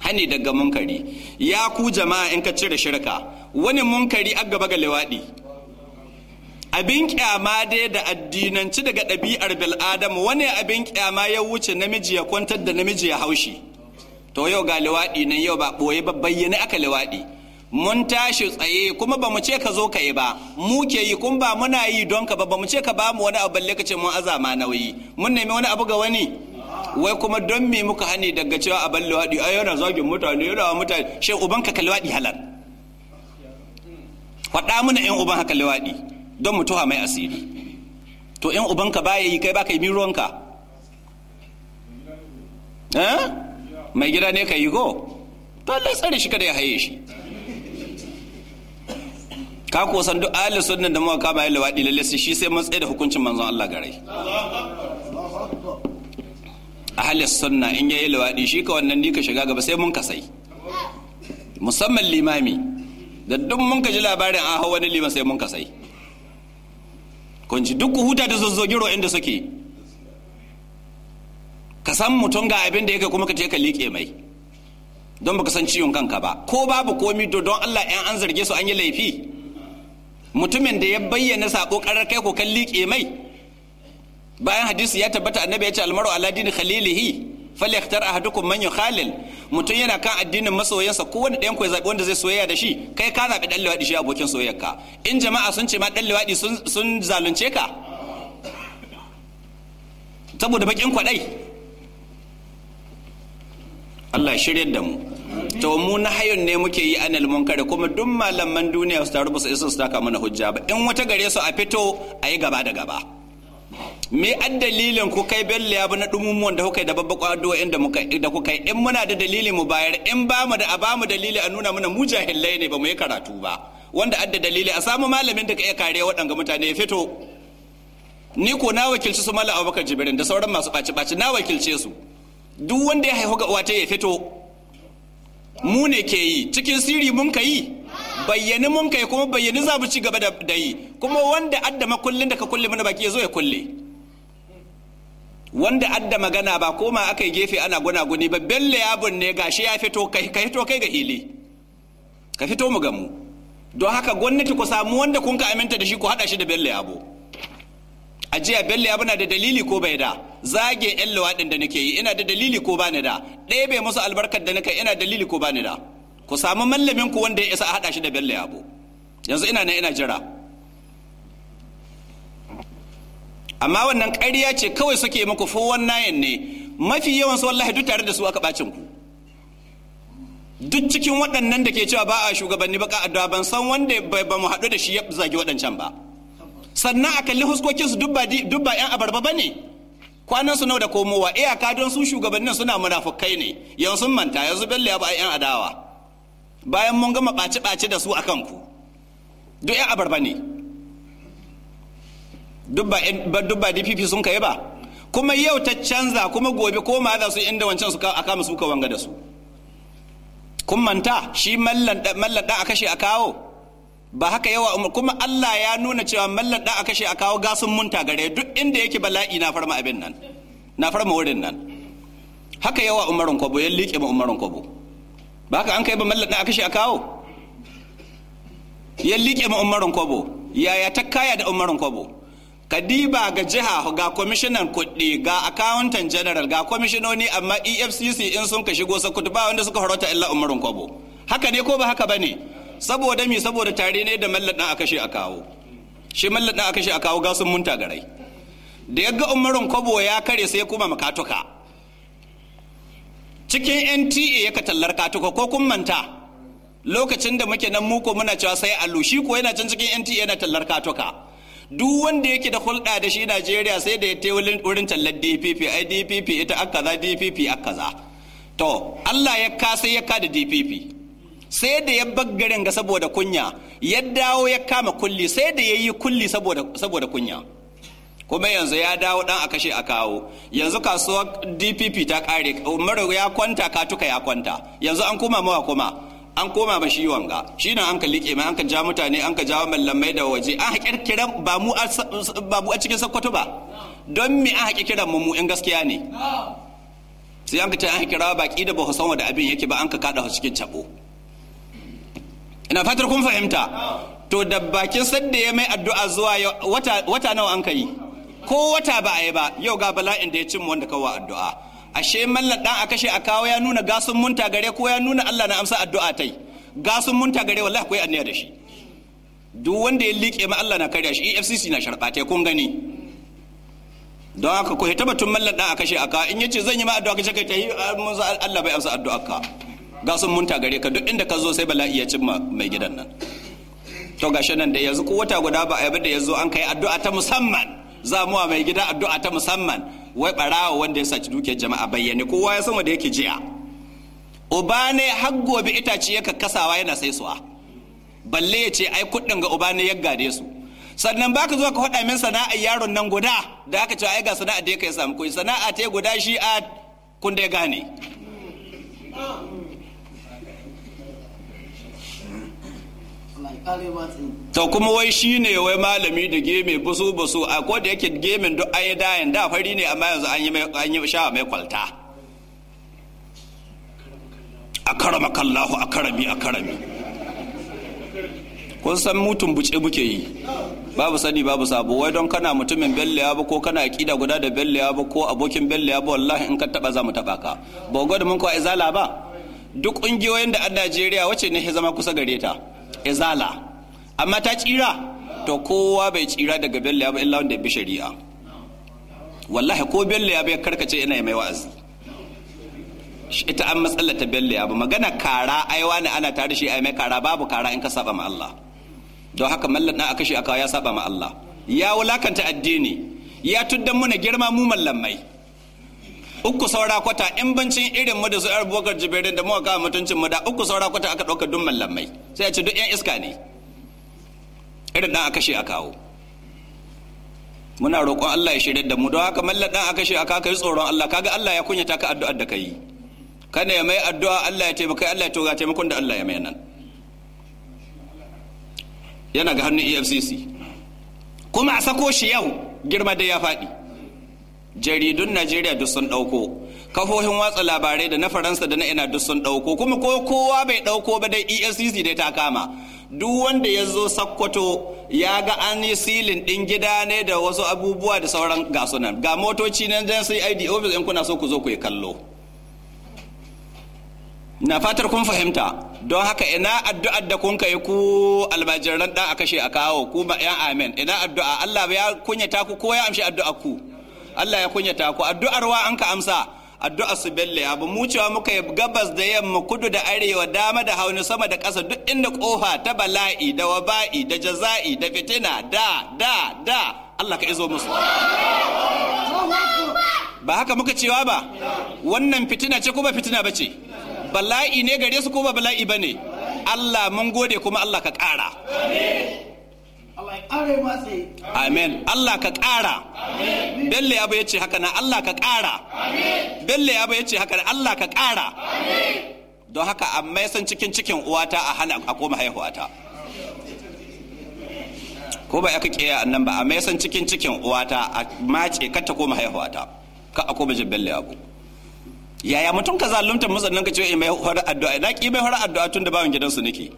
hani daga munkari ya ku jama'a in ka cire shirka wani munkari a gaba ga lewaɗi abin kyama dai da addinanci daga ɗabi'ar bil'adam wani abin kyama ya wuce namiji ya kwantar da namiji ya haushi to yau ga lewaɗi nan yau ba ɓoye ba bayyane aka lewaɗi mun tashi tsaye kuma ba mu ce ka zo ka yi ba mu ke yi kun ba muna yi don ka ba ba mu ce ka ba mu wani abu balle ka ce mun azama nauyi mun nemi wani abu ga wani wai kuma don me muka hani daga cewa a balle waɗi ai yana zagin mutane yana wa mutane shi uban ka waɗi halal faɗa muna yan uban haka lewaɗi don mu tuha mai asiri to yan uban ka baya yi kai baka yi ruwanka eh? mai gida ne ka yi go to Allah tsare shi kada ya haye shi ka ko san duk ahli da muka kama ya lewaɗi lalle shi sai mun tsaye da hukuncin manzon Allah rai. ahalis sunna in yayi luwaɗi shi ka wannan ni ka shiga gaba sai mun kasai musamman limami da duk mun ka ji labarin an hau wani liman sai mun kasai kun ji duk huta da giro inda suke ka san mutum ga abin da yake kuma ka je ka liƙe mai don baka san ciwon kanka ba ko babu komi to don Allah ɗan an zarge su an yi laifi mutumin da ya bayyana sako karar kai ko kan liƙe mai bayan hadisi ya tabbata annabi ya ce almaru ala dini khalilihi falyaktar ahadukum man yukhalil mutum yana kan addinin masoyansa ko wani ɗayan kai ya zabi wanda zai soyayya da shi kai ka zabi ɗan liwadi shi abokin soyayyarka in jama'a sun ce ma ɗan liwadi sun zalunce ka saboda bakin kwadai Allah ya shiryar da mu to mu na hayon ne muke yi anil munkari kuma duk malaman duniya su taru ba su isa su taka mana hujja ba in wata gare su a fito a yi gaba da gaba me an dalilin ku kai bello ya na dumumuwan da kuka da babba kwado inda da kuka in muna da dalili mu bayar in ba mu da a ba mu dalili a nuna mana mu jahilai ne ba mu yi karatu ba wanda adda dalili a samu malamin da ka iya kare waɗanga mutane ya fito ni ko na wakilci su mala abubakar jibirin da sauran masu ɓaci-ɓaci na wakilce su duk wanda ya haihu ga uwa ta ya fito mu ne ke yi cikin siri mun ka yi bayyani mun ka yi kuma bayyani za mu ci gaba da yi kuma wanda addama makullin da ka kulle mana baki ya zo ya kulle wanda adda magana ba koma aka yi gefe ana gunaguni ba bello ya ne gashi ya fito ka fito kai ga hili ka fito mu ga mu don haka gwamnati ku samu wanda kun ka aminta da shi ku hada shi da bello yabo a jiya bello ya da dalili ko bai da zage yan lawadin da nake yi ina da dalili ko bani da ɗaya bai musu albarkar da nake ina dalili ko bani da ku samu mallamin ku wanda ya isa a hada shi da bello abu yanzu ina nan ina jira amma wannan ƙarya ce kawai suke muku fowon nayin ne mafi yawan su wallahi duk tare da su aka bacin ku duk cikin waɗannan da ke cewa ba a shugabanni ka addu'a ban san wanda ba mu haɗu da shi ya zagi waɗancan ba sannan a kalli huskokinsu duk ba 'yan abarba ba ne kwanan su nau da komowa iyaka don su shugabannin suna munafukai ne yanzu manta yanzu bello ya ba 'yan adawa bayan mun gama ɓaci-ɓaci da su a kanku duk 'yan abarba ne duk ba dpp sun kai ba kuma yau ta canza kuma gobe ko ma za su inda wancan su a musu su ka wanga da su kun manta shi mallan a kashe a kawo ba haka yawa umar kuma Allah ya nuna cewa mallan da a kashe a kawo gasun munta gare duk inda yake bala'i na farma abin nan na farma wurin nan haka yawa umarin kwabo ya liƙe ma umarin kwabo ba haka an kai ba mallan da a kashe a kawo ya liƙe ma umarin kwabo yaya ta kaya da umarin kwabo kadiba ga jiha ga kwamishinan kuɗi ga akawuntan general ga kwamishinoni amma efcc in sun ka shigo sakutu ba wanda suka harota illa umarin kwabo haka ne ko ba haka ba ne saboda mi saboda tare ne da mallan a kashe a kawo shi mallan a kashe a kawo sun munta garai da ya ga umarin kwabo ya kare sai kuma makatuka cikin nta ya katallar katuka ko kun manta lokacin da muke nan muko muna cewa sai allo shi ko yana can cikin nta yana tallar katuka duk wanda yake da hulɗa da shi najeriya sai da ya te wurin tallar dpp ai dpp ita akaza dpp akaza to allah ya ka sai ya ka da dpp sai da ya baggarin ga saboda kunya ya dawo ya kama kulli sai da ya yi kulli saboda kunya kuma yanzu ya dawo dan a kashe a kawo yanzu kasuwa dpp ta kare umaru ya kwanta katuka ya kwanta yanzu an koma mawa kuma an koma ba shi wanga shi na an ka liƙe mai an ka ja mutane an ka ja mallamai da waje an haƙi kiran ba mu a cikin sakkwato ba don me an haƙi kiran mu in gaskiya ne sai an ka ta an haƙi rawa baƙi da ba san wanda abin yake ba an ka kaɗa cikin caɓo ina fatar kun fahimta to da bakin sadda ya mai addu'a zuwa wata nawa an kai ko wata ba a yi ba yau ga bala'in da ya cimma wanda kawo addu'a ashe mallan dan a kashe a kawo ya nuna gasun munta gare ko ya nuna Allah na amsa addu'a tai gasun munta gare wallahi akwai anniya da shi duk wanda ya liƙe ma Allah na kare shi EFCC na sharɓa tai kun gani don haka ko ta tun mallan dan a kashe a kawo in yace zan yi ma addu'a kace kai tai Allah bai amsa addu'a ka ga sun munta gare ka duk inda ka zo sai bala'i ya cimma mai gidan nan to gashi nan da yanzu ko guda ba a da yanzu an kai addu'a ta musamman za mu mai gida addu'a ta musamman wai barawa wanda ya saci dukiyar jama'a bayyane kowa ya san wanda yake jiya uba ne har gobe itace yaka kasawa yana sai suwa balle ya ce ai kuɗin ga uba ne ya gade su sannan baka zuwa ka faɗa min sana'ar yaron nan guda da aka ce ai ga sana'a da ya samu sana'a ta guda shi a kun dai gane to kuma wai shi ne wai malami da geme busu busu a ko da yake gemin duk an yi dayan da fari ne amma yanzu an yi sha mai kwalta a karama kallahu a karami a karami kun san mutum buce buke yi babu sani babu sabo wai don kana mutumin belle ya ba ko kana akida guda da belle ya ba ko abokin belle ya ba wallahi in ka taba za mu taba ka ba gwada mun kawai izala ba duk ƙungiyoyin da a Najeriya wace ne zama kusa gare ta izala amma ta tsira to kowa bai tsira daga bello ba illa wanda ya bi shari'a wallahi ko bello ya bai karkace ina mai wa'azi ita an matsala ta bello ya ba magana kara aiwa ne ana tare shi ai mai kara babu kara in ka saba ma Allah don haka mallan na aka shi aka ya saba ma Allah ya wulakanta addini ya tuddan muna girma mu mallamai uku saura kwata in bancin irin mu da su abubakar jibirin da muka kawo mutuncin mu da uku saura kwata aka ɗauka dun mallamai sai a ce duk yan iska ne irin dan aka a kawo muna roƙon Allah ya shirya da mu don haka mallan dan kashe a kawo kai tsoron Allah kaga Allah ya kunyata ka addu'ar da kai kana ya mai addu'a Allah ya taimaka Allah ya toga taimakon da Allah ya mai nan yana ga hannun EFCC kuma a sako shi yau girma dai ya faɗi jaridun najeriya duk sun ɗauko kafofin watsa labarai da na faransa da na ina duk sun ɗauko kuma ko kowa bai ɗauko ba dai efcc dai ta kama duk wanda ya zo sakkwato ya ga an yi silin ɗin gida ne da wasu abubuwa da sauran gasunan ga motoci nan dan sai id office in kuna so ku zo ku yi kallo na fatar kun fahimta don haka ina addu'ar da kun kai ku almajiran dan a kashe a kawo ku ma yan amen ina addu'a Allah ya kunyata ku ko ya amshi addu'a ku Allah ya kunyata ku addu'ar wa an ka amsa addu'a su belle abu mu cewa muka yi gabas da yamma kudu da arewa dama da hauni sama da ƙasa duk inda ƙofa ta bala'i da waba'i da jaza'i da fitina da da da Allah ka izo musu ba haka muka cewa ba wannan fitina ce ko ba fitina ba bala'i ne gare su ko ba bala'i bane. Allah mun gode kuma Allah ka ƙara Amen. Allah ka ƙara. Bello ya ya ce haka na Allah ka ƙara. Bello ya ya ce haka na Allah ka ƙara. Don haka amma san cikin cikin uwata a hana a koma haihuwata. Ko ba ya ka ƙeya annan ba amma san cikin cikin uwata a mace kata koma haihuwata. Ka a koma jin Bello abu. Yaya mutum ka zalunta musannin ka ce mai horar addu'a na ƙi mai horar addu'a tun da bawan gidansu nake.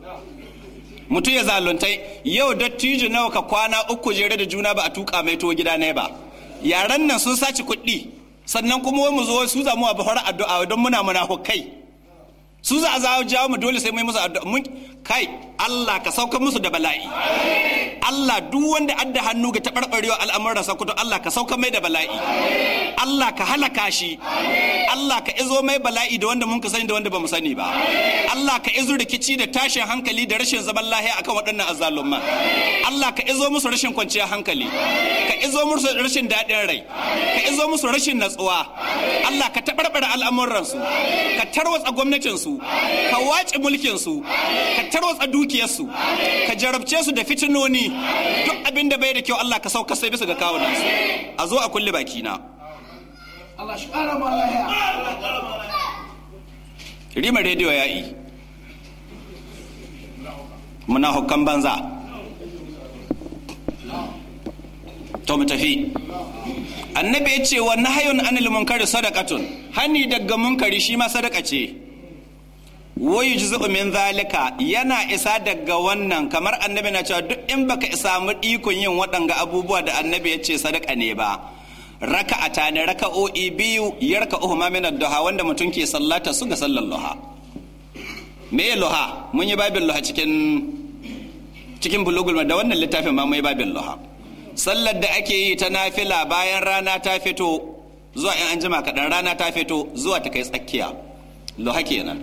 mutum ya zaluntai yau dattijo nawa ka kwana uku jere da juna ba a tuka mai to gida ne ba yaran nan sun saci kuɗi sannan kuma wai mu zo su zamu a bahar addu'a don muna munafukai su za a zawo jawo mu dole sai mai musu mun kai Allah ka saukar musu da bala'i Allah duk wanda adda hannu ga taɓarɓarewa al'amuran sakuto Allah ka saukar mai da bala'i Allah ka halaka shi Allah ka izo mai bala'i da wanda mun ka sani da wanda bamu sani ba Allah ka izo rikici da tashin hankali da rashin zaman lahiya akan waɗannan azzalumma Allah ka izo musu rashin kwanciyar hankali ka izo musu rashin daɗin rai ka izo musu rashin natsuwa Allah ka taɓarɓare al'amuran su ka tarwatsa gwamnatin su su ka wace mulkin su ka tarwatsa dukiyar su ka jarabce su da fitinoni duk abin da bai da kyau Allah ka sauka sai bisa ga kawunan su a zo a kulle baki na Rima rediyo ya yi. Muna hukan banza. To mu tafi. Annabi ya ce wa nahayun anil munkari sadaqatun. Hani daga munkari shi ma sadaka ce. wayu juz'u min zalika yana isa daga wannan kamar annabi na cewa duk in baka samu ikon yin waɗanga abubuwa da annabi ya ce sadaka ne ba Raka tani raka o'i biyu yarka uhu min ad-duha wanda mutum ke sallata su ga sallan luha me luha mun yi babin luha cikin cikin bulugul da wannan littafin ma mun yi babin luha sallar da ake yi ta nafila bayan rana ta fito zuwa in an jima kaɗan rana ta fito zuwa ta kai tsakiya luha kenan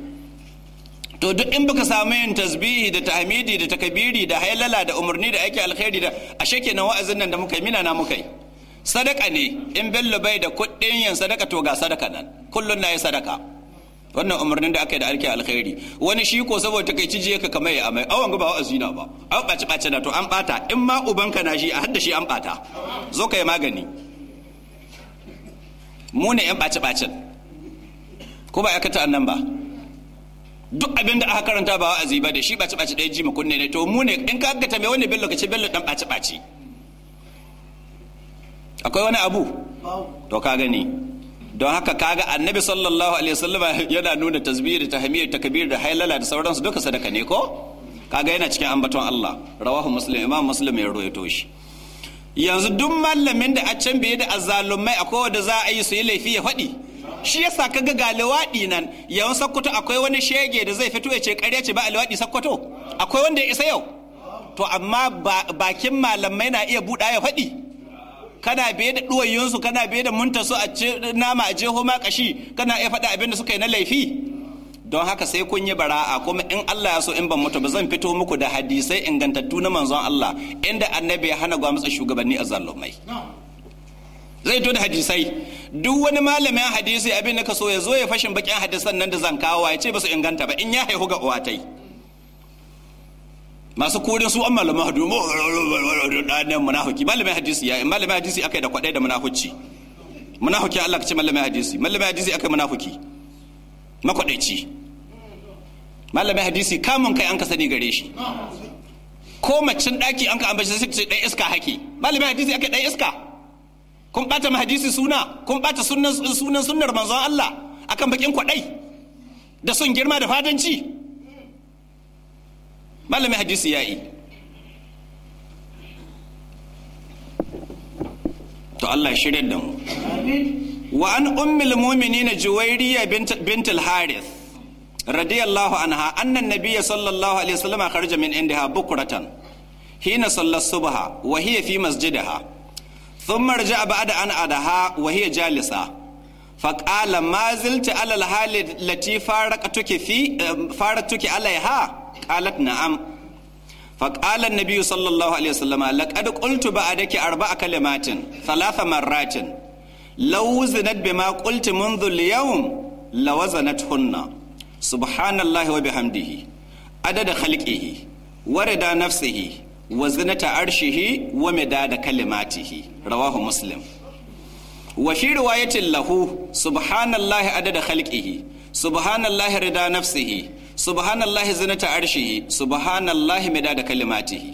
to duk in baka samu yin tasbihi da tahmidi da takabiri da haylala da umarni da ake alkhairi da ashe kenan wa'azin nan da muka yi mina na muka yi sadaka ne in bello bai da kuɗin yin sadaka to ga sadaka nan kullun na yi sadaka wannan umarnin da aka yi da aiki alkhairi wani shi ko saboda ta kai cije ka kamar ya amai a ga ba wa'azi na ba aw ɓaci-ɓaci na to an ɓata in ma ubanka na shi a hadda shi an ɓata zo kai magani mu ne yan ɓaci-ɓacin ko ba ya kata annan ba duk abin da aka karanta ba wa'azi ba da shi ɓaci ɓaci ɗaya ji mu kunne ne to mu ne in ka ga tambaye wani bello kace bello dan ɓaci ɓaci akwai wani abu to ka gani don haka kaga annabi sallallahu alaihi wasallam yana nuna tasbih da tahmid takbir da hailala da sauransu duka sadaka ne ko kaga yana cikin ambaton Allah rawahu muslim imam muslim ya rawaito shi yanzu duk mallamin da a can biye da azzalumai akwai wanda za a yi su yi laifi ya faɗi shi yasa ka ga lawadi nan yawan sakkwato akwai wani shege da zai fito ya ce ƙarya ce ba a lawadi sakkwato akwai wanda ya isa yau to amma bakin malamai na iya buɗa ya faɗi kana biye da ɗuwayyunsu kana biye da su a nama a jeho ma kashi kana iya faɗa abin da suka yi na laifi don haka sai kun yi bara'a kuma in Allah ya so in ban mutu ba zan fito muku da hadisai ingantattu na manzon Allah inda annabi ya hana gwamnati shugabanni a zalumai. zai tuna hadisai duk wani malamin hadisi abin da ka so ya zo ya fashin bakin hadisan nan da zan kawo ya ce ba su inganta ba in ya haihu ga uwatai masu kurin su an malamin hadisi munafiki malamin hadisi ya malamin hadisi yi da kwadai da munafuci munafuki Allah ka ce malamin hadisi malamin hadisi aka yi munafuki makwadaici malamin hadisi kamun kai an ka sani gare shi ko macin daki an ka ambaci sai ce dan iska haki malamin hadisi yi ɗan iska kun bata mahadisi suna kun bata sunan sunar sunnar manzon Allah akan bakin kwadai da son girma da fatanci malami hadisi yayi to Allah shirya da mu wa an ummul mu'minina juwairiya bint al-harith radiyallahu anha anna nabiyya sallallahu alaihi wasallam kharaja min indaha bukratan hina sallat subha wa hiya fi masjidiha ثم رجع بعد أن أدها وهي جالسة فقال ما زلت على الحال التي فارقتك في فارقتك عليها قالت نعم فقال النبي صلى الله عليه وسلم لقد قلت بعدك أربع كلمات ثلاث مرات لو وزنت بما قلت منذ اليوم لوزنتهن سبحان الله وبحمده عدد خلقه ورد نفسه wa zinata arshihi wa midada kalimatihi rawahu muslim wa fi riwayatin lahu subhanallahi adada khalqihi subhanallahi rida nafsihi subhanallahi zinata arshihi subhanallahi midada kalimatihi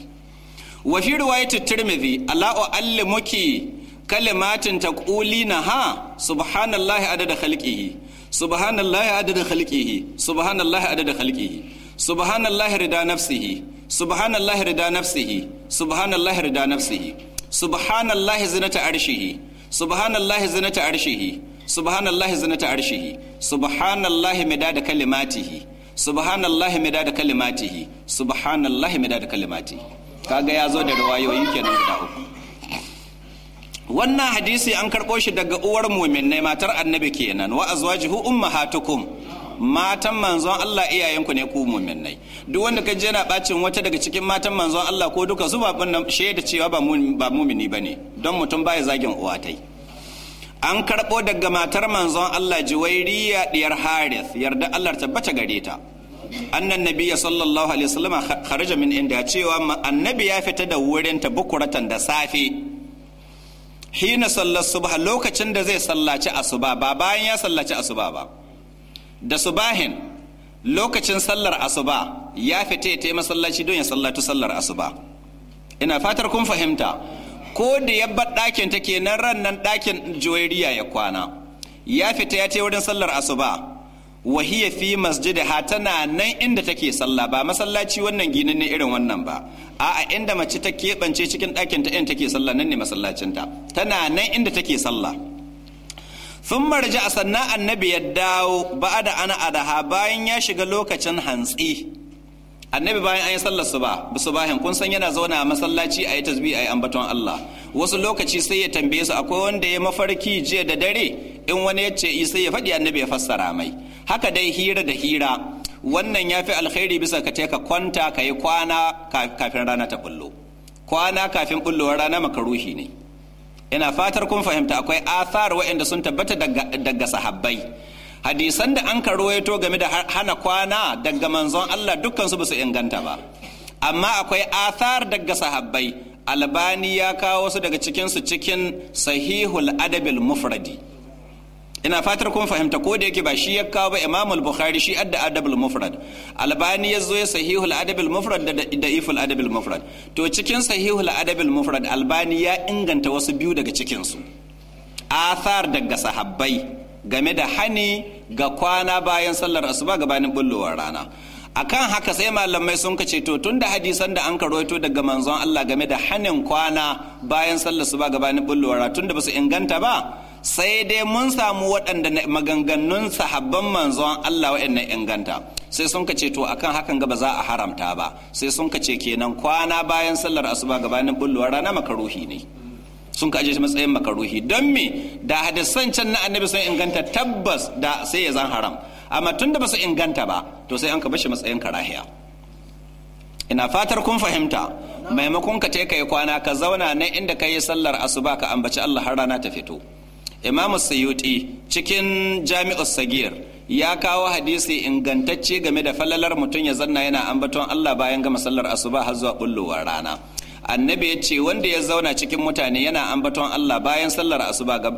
wa fi riwayatin tirmidhi ala uallimuki kalimatin taqulina ha subhanallahi adada khalqihi subhanallahi adada khalqihi subhanallahi adada khalqihi subhanallahi rida nafsihi subhanallahi rida nafsihi subhanallahi rida nafsihi subhanallahi zinata arshihi subhanallahi zinata arshihi subhanallahi zinata arshihi subhanallahi midada kalimatihi subhanallahi midada kalimatihi subhanallahi midada kalimatihi kaga ya zo da riwayoyi kenan guda uku wannan hadisi an karɓo shi daga uwar muminai matar annabi kenan wa azwajihu ummahatukum matan manzon Allah iyayenku ne ku mu'minai duk wanda ka je yana bacin wata daga cikin matan manzon Allah ko duka su ba shaida cewa ba ba mu'mini bane don mutum baya zagin uwa tai an karbo daga matar manzon Allah juwairiya diyar Harith yarda Allah tabbata gare ta annan nabi sallallahu alaihi wasallam kharaja min inda cewa annabi ya fita da wurin ta bukuratan da safe hina sallar subha lokacin da zai sallaci asuba ba bayan ya sallaci asuba ba da subahin lokacin sallar asuba ya fita ya taimaka masallaci don ya sallatu sallar asuba ina fatar kun fahimta ko da ya bar ɗakin ta kenan ran nan ɗakin juwairiya ya kwana ya fita ya taimaka wurin sallar asuba wahiya fi ha tana nan inda take sallah ba masallaci wannan ginin ne irin wannan ba a'a inda mace ta keɓance cikin ɗakin ta in take sallah nan ne masallacinta tana nan inda take sallah sun marji a sannan annabi ya dawo ba da ana adaha bayan ya shiga lokacin hantsi annabi bayan an yi sallar su ba su bayan kun san yana zauna a masallaci a yi tasbi a yi ambaton Allah wasu lokaci sai ya tambaye su akwai wanda ya mafarki jiya da dare in wani ya ce isa ya faɗi annabi ya fassara mai haka dai hira da hira wannan ya fi alkhairi bisa ka ka kwanta ka yi kwana kafin rana ta bullo kwana kafin bullowar rana makaruhi ne ina fatar kun fahimta akwai athar waɗanda sun tabbata daga sahabbai hadisan da an karoyato game da hana kwana daga manzon Allah dukkan su basu inganta ba amma akwai athar daga sahabbai albani ya kawo su daga cikin su cikin sahihul adabil mufradi ina fatar kun fahimta ko da yake ba shi ya kawo ba Imam al-Bukhari shi adda Adabul Mufrad Albani ya zo ya Sahihul Adabul Mufrad da Da'iful Adabul Mufrad to cikin Sahihul Adabul Mufrad Albani ya inganta wasu biyu daga cikin su athar daga sahabbai game da hani ga kwana bayan sallar asuba gabanin bullowar rana akan haka sai malamai sun kace to tun da hadisan da an karoito daga manzon Allah game da hanin kwana bayan sallar asuba gabanin bullowar rana tun da basu inganta ba sai dai mun samu waɗanda maganganun sahabban manzon Allah waɗannan inganta sai sun ka ce to akan hakan ga ba za a haramta ba sai sun ka ce kenan kwana bayan sallar asuba gabanin bulluwar rana makaruhi ne sun ka aje shi matsayin makaruhi don me da hadisan can na annabi sun inganta tabbas da sai ya zan haram amma tun da ba su inganta ba to sai an ka bashi matsayin karahiya ina fatar kun fahimta maimakon ka ce kai kwana ka zauna nan inda ka yi sallar asuba ka ambaci Allah har rana ta fito imamu suyuti cikin jami'ar sagir ya kawo hadisi ingantacce game da falalar mutum ya zanna yana ambaton allah bayan gama sallar asuba har zuwa kullowar rana annabi ya ce wanda ya zauna cikin mutane yana ambaton Allah bayan sallar asuba ga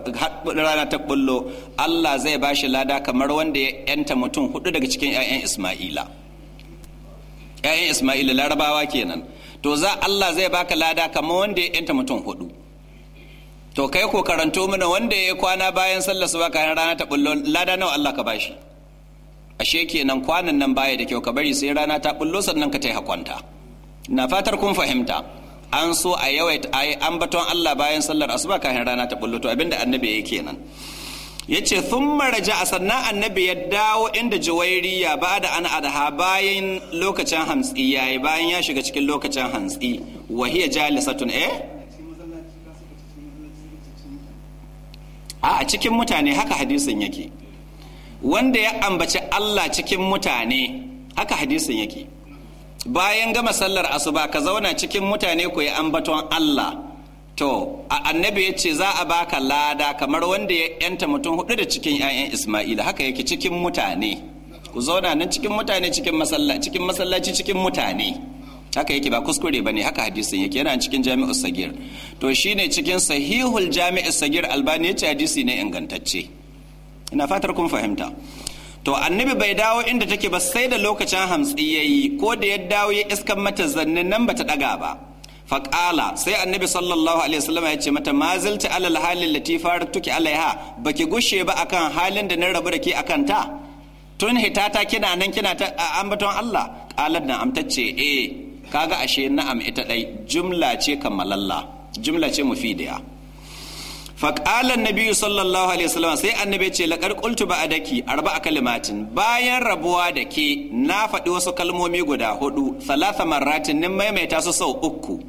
rana ta kullo Allah zai ba shi lada kamar wanda ya yanta mutum hudu daga cikin 'ya'yan Isma'ila 'ya'yan Isma'ila larabawa kenan to za Allah zai baka lada kamar wanda ya yanta mutum hudu to kai ko karanto mana wanda ya kwana bayan sallar su kayan rana ta bullo lada nawa Allah ka bashi ashe kenan kwanan nan baya da kyau ka bari sai rana ta bullo sannan ka tai hakwanta. na fatar kun fahimta an so a yawaita ai baton Allah bayan sallar asuba kayan rana ta bullo to abinda annabi yake kenan yace ce sun maraja a sannan annabi ya dawo inda juwairiya ba da an adha bayan lokacin hantsi yayi bayan ya shiga cikin lokacin hantsi wahiya jalisatun eh a cikin mutane haka hadisin yake wanda ya ambaci Allah cikin mutane haka hadisin yake bayan gama sallar asuba ka zauna cikin mutane ku yi ambaton Allah to a annabi ya ce za a baka lada kamar wanda ya yanta mutum hudu da cikin 'ya'yan Isma'ila haka yake cikin mutane ku zauna nan cikin mutane cikin masallaci cikin mutane haka yake ba kuskure bane haka hadisin yake yana cikin jami'u sagir to shine cikin sahihul jami'u sagir albani yace hadisi ne ingantacce ina fatar kun fahimta to annabi bai dawo inda take ba sai da lokacin hamsi yayi ko da ya dawo ya iskan mata zannin nan bata daga ba faƙala sai annabi sallallahu alaihi wasallam ya ce mata ma alal halin lati faratuki alaiha baki gushe ba akan halin da na rabu da ke akan ta tun hita ta kina nan kina ta ambaton Allah qalat na amtace eh kaga ashe na'am ita ɗai jumla ce kamalalla jumla ce mufidiya faƙalan nabi sallallahu alaihi wasallam sai annabi ce laƙar ƙultu ba adaki arba a kalimatin bayan rabuwa da ke na faɗi wasu kalmomi guda hudu salasa marratin nin maimaita su sau uku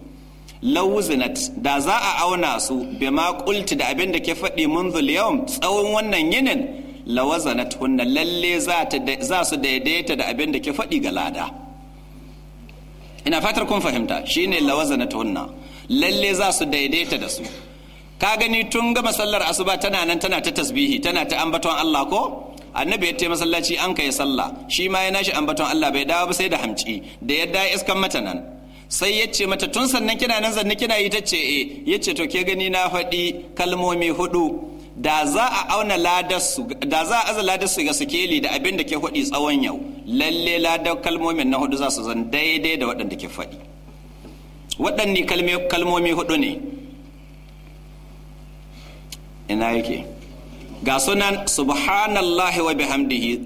lauzinat da za a auna su ma ƙulti da abin da ke faɗi munzul yau tsawon wannan yinin lawazanat hunna lalle za su daidaita da abin da ke faɗi ga lada ina fatar kun fahimta shine lawazana tuhunna lalle za su daidaita da su ka gani tun gama sallar asuba tana nan tana ta tasbihi tana ta ambaton Allah ko annabi ya ce masallaci an kai sallah shi ma ya nashi ambaton Allah bai dawo ba sai da hamci da yadda iskan mata nan sai ya ce mata tun sannan kina nan zanni kina yi ta ce eh ya ce to ke gani na faɗi kalmomi hudu da za a auna ladarsu da za a aza ladarsu ga sukeli da abin da ke faɗi tsawon yau lalle ladar kalmomin na hudu za su zan daidai da waɗanda ke faɗi waɗanne kalmomi hudu ne ina yake ga sunan subhanallahi wa bihamdihi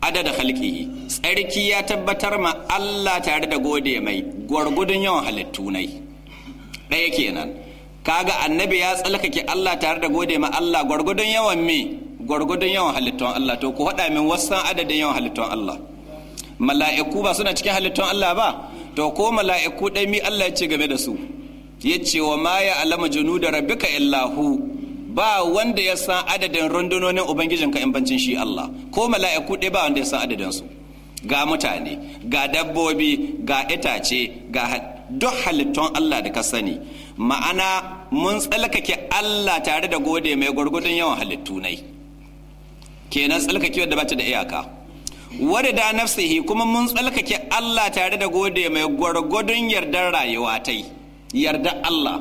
adada halkihi tsarki ya tabbatar ma Allah tare da gode mai gwargudun yawan halittu nai ɗaya kenan kaga annabi ya tsalkake Allah tare da gode ma Allah gwargwadon yawan me gwargwadon yawan halittun Allah to ku haɗa min wasan adadin yawan halittun Allah mala'iku ba suna cikin halittun Allah ba to ko mala'iku dai mi Allah ya ce game da su ya ce wa ma ya alama junu da rabbika illahu ba wanda ya san adadin rundunonin ubangijinka in bancin shi Allah ko mala'iku dai ba wanda ya san adadin su ga mutane ga dabbobi ga itace ga duk halittun Allah da ka sani ma'ana mun tsalkake Allah tare da gode mai gwargwadon yawan halittu nai kenan tsalkake wadda bata da iyaka wadda da nafsihi kuma mun tsalkake Allah tare da gode mai gwargwadon yardar rayuwa tai yarda Allah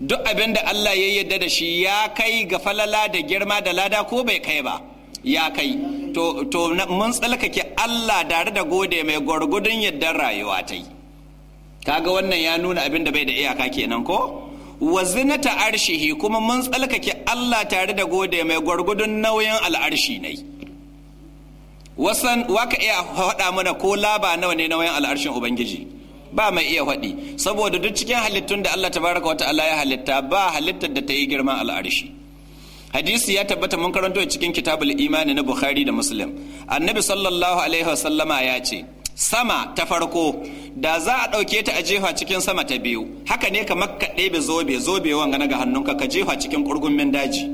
duk abin da Allah ya yarda da shi ya kai ga falala da girma da lada ko bai kai ba ya kai to mun tsalkake Allah tare da gode mai gwargwadon yardar rayuwa tai kaga wannan ya nuna abin da bai da iyaka kenan ko wa zinata arshihi kuma mun tsalkake Allah tare da gode mai gwargudun nauyin al'arshi ne wasan waka iya faɗa mana ko laba nawa ne nauyin al'arshin ubangiji ba mai iya faɗi saboda duk cikin halittun da Allah tabaraka wata ta'ala ya halitta ba halittar da ta yi girman al'arshi hadisi ya tabbata mun karanto cikin kitabul imani na Bukhari da Muslim annabi sallallahu alaihi wasallama ya ce sama ta farko da za a ɗauke ta a jefa cikin sama ta biyu haka ne kamar ka ɗebe zobe zobe wanga na ga hannunka ka jefa cikin min daji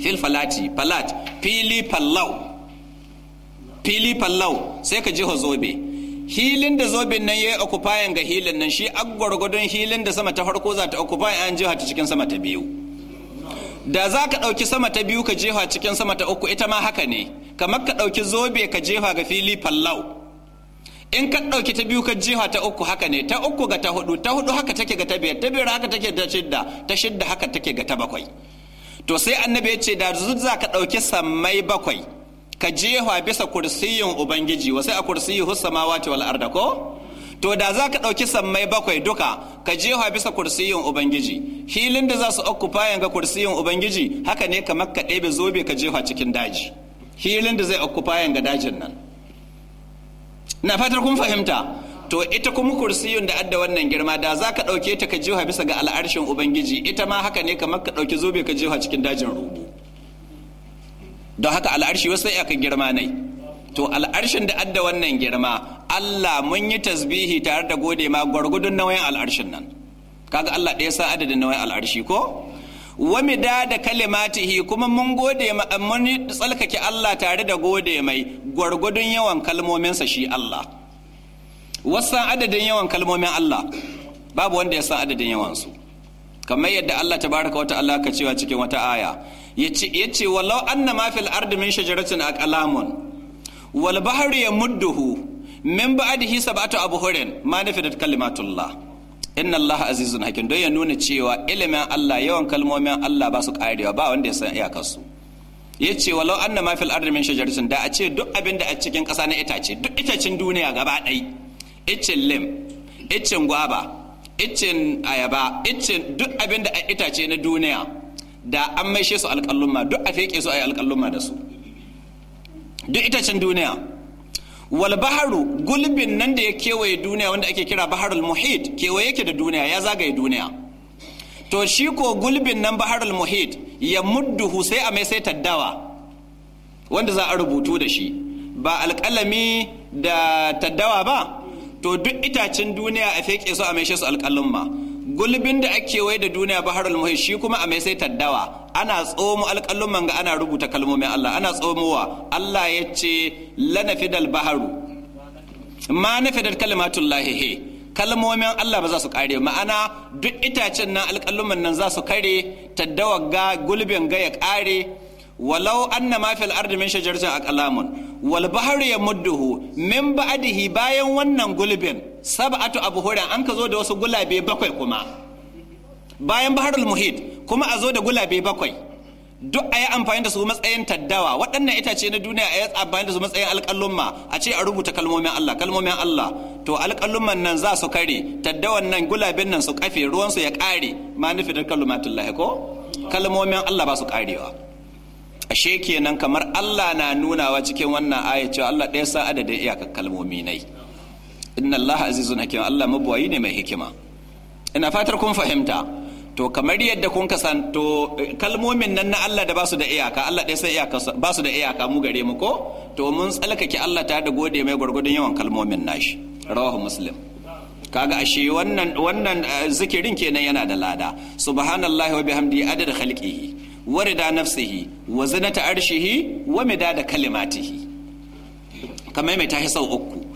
fil falati falat fili fallau fili fallau sai ka jefa zobe hilin da zobin nan yayi occupying ga hilin nan shi aggwargwadon hilin da sama ta farko za ta occupy an jefa ta cikin sama ta biyu da za ka ɗauki sama ta biyu ka jefa cikin sama ta uku ita ma haka ne kamar ka ɗauki zobe ka jefa ga fili fallau in ka ɗauki ta biyu ka jiha ta uku haka ne ta uku ga ta hudu ta hudu haka take ga ta biyar ta biyar haka take ta shidda ta shidda haka take ga ta bakwai to sai annabi ya ce da za ka ɗauki sammai bakwai ka jiha bisa kursiyin ubangiji wa sai a kursiyi samawati wal arda ko to da za ka ɗauki sammai bakwai duka ka jiha bisa kursiyin ubangiji hilin da za su fayan ga kursiyin ubangiji haka ne kamar ka ɗebe zobe ka jiha cikin daji hilin da zai fayan ga dajin nan na fatar kun fahimta to ita kuma kursiyun da adda wannan girma da za ka ɗauke ta ka jiha bisa ga al'arshin ubangiji ita ma haka ne kamar ka ɗauki zobe ka jiha cikin dajin rubu don haka al'arshi wasu sai kan girma nai to al'arshin da adda wannan girma Allah mun yi tasbihi tare da gode ma gwargudun nauyin al'arshin nan kaga Allah ɗaya sa adadin nauyin al'arshi ko wa da da kalimatihi kuma mun gode mun tsalkake Allah tare da gode mai gwargwadon yawan kalmominsa shi Allah wasan adadin yawan kalmomin Allah babu wanda ya san adadin yawansu kamar yadda Allah tabaraka wa ta'ala ka cewa cikin wata aya yace walau anna ma fil ardi min shajaratin aqlamun wal bahru yamudduhu min ba'dihi sab'atu abhurin ma nafidat kalimatullah inna allaha azizun hakim don ya nuna cewa ilimin allah yawan kalmomin allah ba su karewa ba wanda ya san iyakarsu ya ce walau an ma fil ardi min shajaratin da a ce duk abin da a cikin ƙasa na itace duk itacen duniya gaba ɗai icin lim icin gwaba icin ayaba icin duk abin da a itace na duniya da an maishe su alƙalluma duk a feke su a yi alƙalluma da su duk itacen duniya wal baharu gulbin nan da ya kewaye duniya wanda ake kira baharul muhit kewaye yake da duniya ya zagaye duniya to shi ko gulbin nan baharul muhit ya mudduhu sai a mai sai taddawa wanda za a rubutu da shi ba alƙalami da taddawa ba to duk itacen duniya a feke su a mai su alƙalin gulbin da ake wai da duniya al muhi shi kuma a mai sai taddawa ana tsomo alƙalun manga ana rubuta kalmomin Allah ana tsomowa Allah ya ce lanafidal baharu ma nafidal kalimatul lahihe kalmomin Allah ba za su kare ma'ana duk itacen nan alƙalun nan za su kare taddawa ga gulbin ga ya kare walau anna ma fil ardi min shajaratin aqlamun walbahar ya yamudduhu min ba'dihi bayan wannan gulbin sab'atu abhuran an ka zo da wasu gulabe bakwai kuma bayan bahar muhid kuma a zo da gulabe bakwai duk a yi amfani da su matsayin taddawa waɗannan itace na duniya a yi amfani da su matsayin alƙalumma a ce a rubuta kalmomin Allah kalmomin Allah to alƙalumman nan za su kare taddawan nan gulabin nan su kafe su ya ƙare ma nufi da kallumatun ko kalmomin Allah ba su ƙarewa ashe kenan kamar Allah na nunawa cikin wannan aya cewa Allah ɗaya sa adadin iyakar kalmomi nai inna Allah azizun hakim Allah mabuwayi ne mai hikima ina fatar kun fahimta to kamar yadda kun kasanto eh, kalmomin nan na Allah da basu da iyaka Allah ɗaya sai iyaka basu da iyaka mu gare mu ko to mun tsalkake Allah ta da gode mai gwargwadon yawan kalmomin nashi rawahu muslim kaga ashe wannan wannan eh, zikirin kenan yana da lada subhanallahi wa bihamdi adad khalqihi wa rida wa zinata arshihi wa midada kalimatihi kamar mai tahi sau uku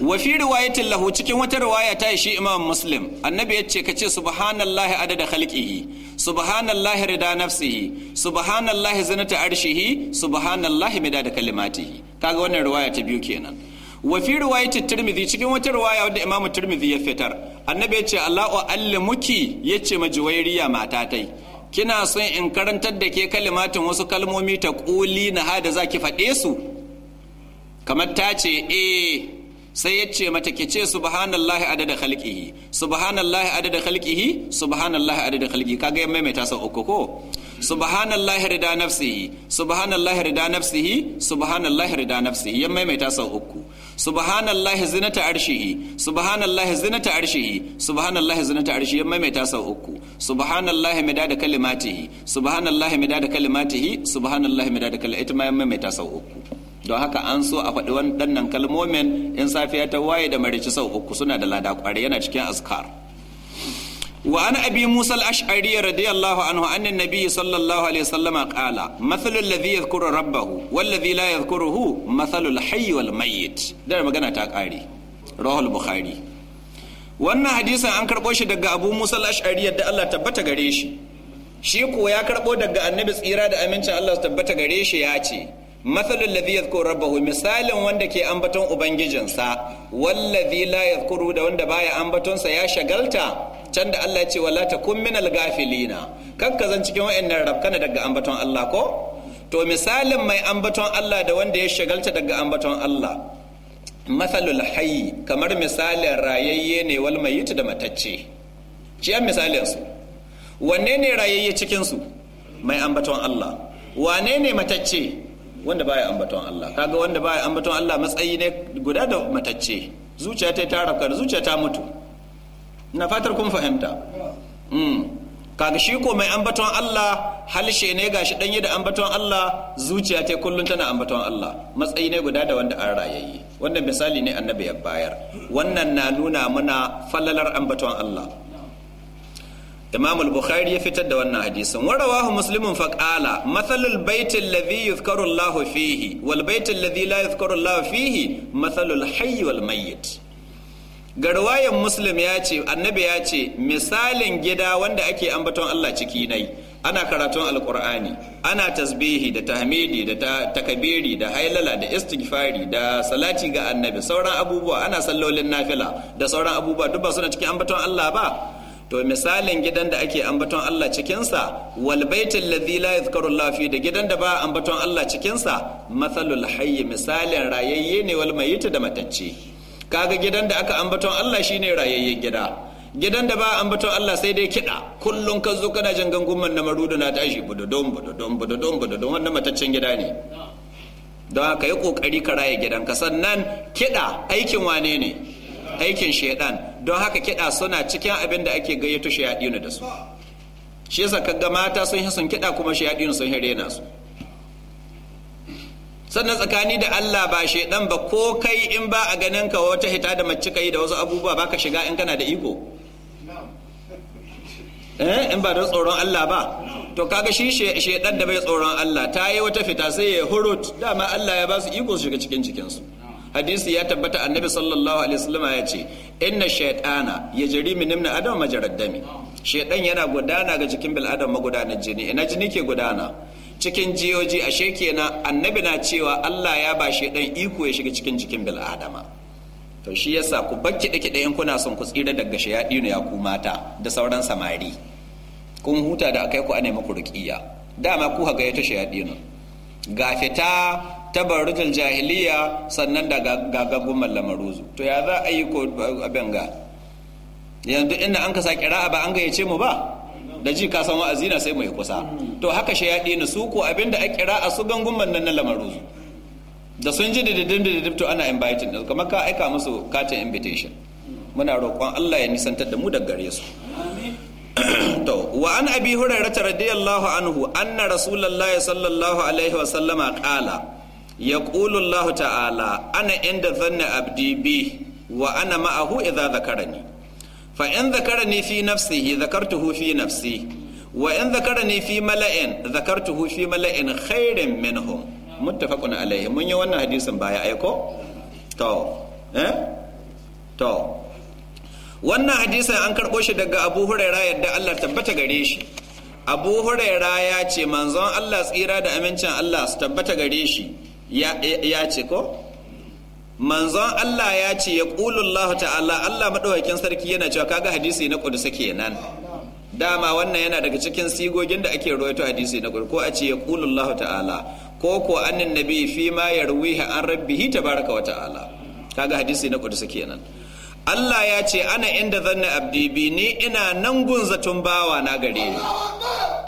wa fi riwayatin lahu cikin wata riwaya ta shi imam muslim annabi yace kace subhanallahi adada khalqihi subhanallahi rida nafsihi subhanallahi zinata arshihi subhanallahi midada kalimatihi kaga wannan riwaya ta biyu kenan wa fi riwayatin cikin wata riwaya wanda imamu tirmidhi ya fitar annabi yace ya ce allahu allimuki yace majuwairiya matatai kina son in karantar da ke kalimatin wasu kalmomi ta ƙuli na hada za ki faɗe su kamar ta ce eh sai ya ce mata ke ce subhanallahi adada khalqihi subhanallahi adada khalqihi subhanallahi adada khalqihi kaga yan maimaita sau uku ko subhanallahi rida nafsihi subhanallahi rida nafsihi subhanallahi rida nafsihi yan maimaita sau uku subhanallahi zinata arshihi subhanallahi zinata arshihi subhanallahi zinata arshihi yan maimaita sau uku subhanallahi midada kalimatihi subhanallahi midada kalimatihi subhanallahi midada kalimatihi ita ma yan maimaita sau uku don haka an so a faɗi wannan kalmomin in safiya ta waye da marici sau uku suna da lada ƙwari yana cikin azkar wa an abi musa al-ash'ari radiyallahu anhu anna nabi sallallahu alaihi wasallam qala mathalul ladhi yadhkuru rabbahu wal ladhi la yadhkuruhu mathalul hayy wal mayyit da magana ta ƙare rahul bukhari wannan hadisin an karɓo shi daga abu musa al-ash'ari yadda Allah tabbata gare shi shi ko ya karɓo daga annabi tsira da amincin Allah tabbata gare shi ya ce mathalul ladhi yadhkuru rabbahu misalin wanda ke ambaton ubangijinsa wallazi la yadhkuru da wanda baya ambatonsa ya shagalta can da Allah ya ce wala takun minal gafilina ka zan cikin wa'in wayannan rabkana daga ambaton Allah ko to misalin mai ambaton Allah da wanda ya shagalta daga ambaton Allah mathalul hayi kamar misalin rayayye ne wal mayyit da matacce ciyan misalin su wanne ne rayayye cikinsu mai ambaton Allah wane ne matacce wanda baya ambaton Allah kaga wanda baya ambaton Allah matsayi ne guda da matacce zuciya ta tara kan zuciya ta mutu ina fatar kun fahimta mm kaga shi ko mai ambaton Allah halshe ne gashi danye da ambaton Allah zuciya ta kullun tana ambaton Allah matsayi ne guda da wanda an rayayye wannan misali ne annabi ya bayar wannan na nuna mana falalar ambaton Allah imam al-bukhari ya fitar da wannan hadisin wa rawahu muslimun fa qala mathalul baiti yuzkaru fihi wal baiti la yuzkaru fihi mathalul hayy wal mayyit garwayan muslim ya ce annabi ya ce misalin gida wanda ake ambaton Allah ciki nai ana karatun Alƙur'ani ana tasbihi da tahmidi da takabiri da hailala da istighfari da salati ga annabi sauran abubuwa ana sallolin nafila da sauran abubuwa duk ba suna cikin ambaton Allah ba to misalin gidan da ake ambaton Allah cikinsa wal baitul ladhi la yadhkaru Allah fi da gidan da ba ambaton Allah cikinsa mathalul hayy misalin rayayye ne wal mayyit da matacce kaga gidan da aka ambaton Allah shine rayayyen gida gidan da ba ambaton Allah sai dai kiɗa kullum ka zo kana jin gangumin na marudu na tashi bududun bududun bududun bududun wannan mataccen gida ne don haka yi kokari ka raye gidan ka sannan kiɗa aikin wane ne aikin shaidan don haka kiɗa suna cikin abin da ake gayyato shayaɗinu da su shi yasa kaga mata sun yi sun kiɗa kuma shayaɗinu sun rena su sannan tsakani da Allah ba shaidan ba ko kai in ba a ganin ka wata hita da mace kai da wasu abubuwa baka shiga in kana da iko eh in ba da tsoron Allah ba to kaga shi shaidan da bai tsoron Allah ta yi wata fita sai ya hurut dama Allah ya ba su iko su shiga cikin cikinsu hadisi ya tabbata annabi sallallahu alaihi wasallam ya ce inna shaytana yajri min ibn adam majarad dami shaytan yana gudana ga jikin bil adam magudanar jini ina jini ke gudana cikin jiyoji ashe kenan annabi na cewa Allah ya ba shaytan iko ya shiga cikin jikin bil adama to shi yasa ku bakki dake in kuna son ku tsira daga shayadinu ya ku mata da sauran samari kun huta da akai ku ane maku ruqiya dama ku haga ya ta shayadinu ga fita tabarrujal jahiliya sannan da gagagun lamaruzu to ya za a yi ko abin ga yanzu inda an ka sa ba an gayyace mu ba da ji ka san wa'azi na sai mai kusa to haka shi ya dina su ko abin da a a su gangun mannan na lamaruzu da sun ji dididin dididin to ana inviting da kamar ka aika musu katin invitation muna roƙon Allah ya nisantar da mu da gare su to wa an abi hurairah radiyallahu anhu anna rasulullahi sallallahu alaihi wa sallama qala Ya Allah ta'ala ana inda dhanna abdi bi wa ana ma'ahu idza dhakarani fa in dhakarani fi nafsihi dhakartuhu fi nafsi wa in dhakarani fi mala'in dhakartuhu fi mala'in khairin minhum muttafaqun alayhi mun yi wannan hadisin aiko to eh to wannan hadisin an karɓo shi daga abu huraira yadda allah tabbata gare shi abu huraira ya ce manzon allah tsira da amincin allah su tabbata gare shi ya ce ko manzon Allah ya ce ya Allah ta'ala Allah maɗaukakin sarki yana cewa kaga hadisi na ƙudusa kenan dama wannan yana daga cikin sigogin da ake rawaito hadisi na ko a ce ya Allah ta'ala ko ko annin nabi fi ma yarwihi an rabbihi tabaraka wa ta'ala kaga hadisi na ƙudusa kenan Allah ya ce ana inda zanna abdi bi ni ina nan gun tun bawa na gare ni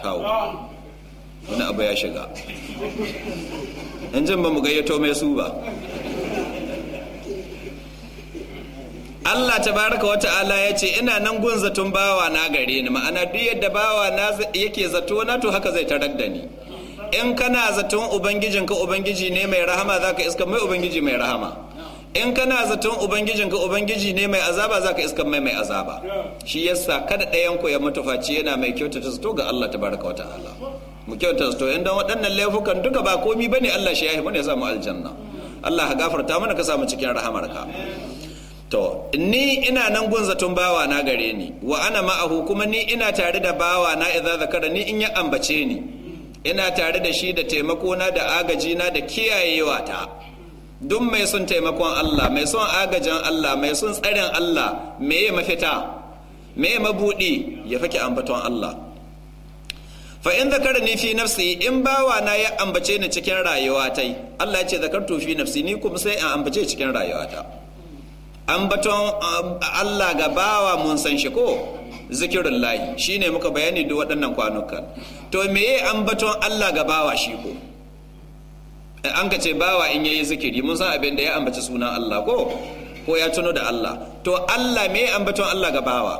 tawo wani abu ya shiga in jin ba mu gayyato mai su ba Allah tabaraka wa ta'ala ya ce ina nan gun zaton bawa na gare ni ma'ana duk yadda bawa na yake zato na to haka zai tarar da ni in kana zaton ubangijin ka ubangiji ne mai rahama zaka iska mai ubangiji mai rahama in kana zaton ubangijin ka ubangiji ne mai azaba zaka iska mai mai azaba shi yasa kada ɗayan ku ya mutu yana mai kyautata zato ga Allah tabaraka wa ta'ala mu kyauta to yan dan waɗannan laifukan duka ba komi bane Allah shi yahi mana ya samu aljanna Allah ka gafarta mana ka samu cikin rahamarka to ni ina nan gun zaton bawa na gare ni wa ana ma'ahu kuma ni ina tare da bawa na idza zakara ni in ya ambace ni ina tare da shi da taimako na da agaji na da kiyayewa ta duk mai son taimakon Allah mai son agajin Allah mai son tsarin Allah meye mafita meye mabudi ya fake ambaton Allah fa in ni fi nafsi in bawa na ya ambace ni cikin rayuwa ta Allah ya ce zakartu fi nafsi ni kuma sai in ambace cikin rayuwa ta ambaton um, Allah ga bawa mun san shi ko zikirin layi shine muka bayani duk waɗannan kwanukan to me meye ambaton Allah ga bawa shi ko an ka ce bawa in yayi zikiri mun san abin da ya ambaci sunan Allah ko ko ya tuno da Allah to Allah me ambaton Allah ga bawa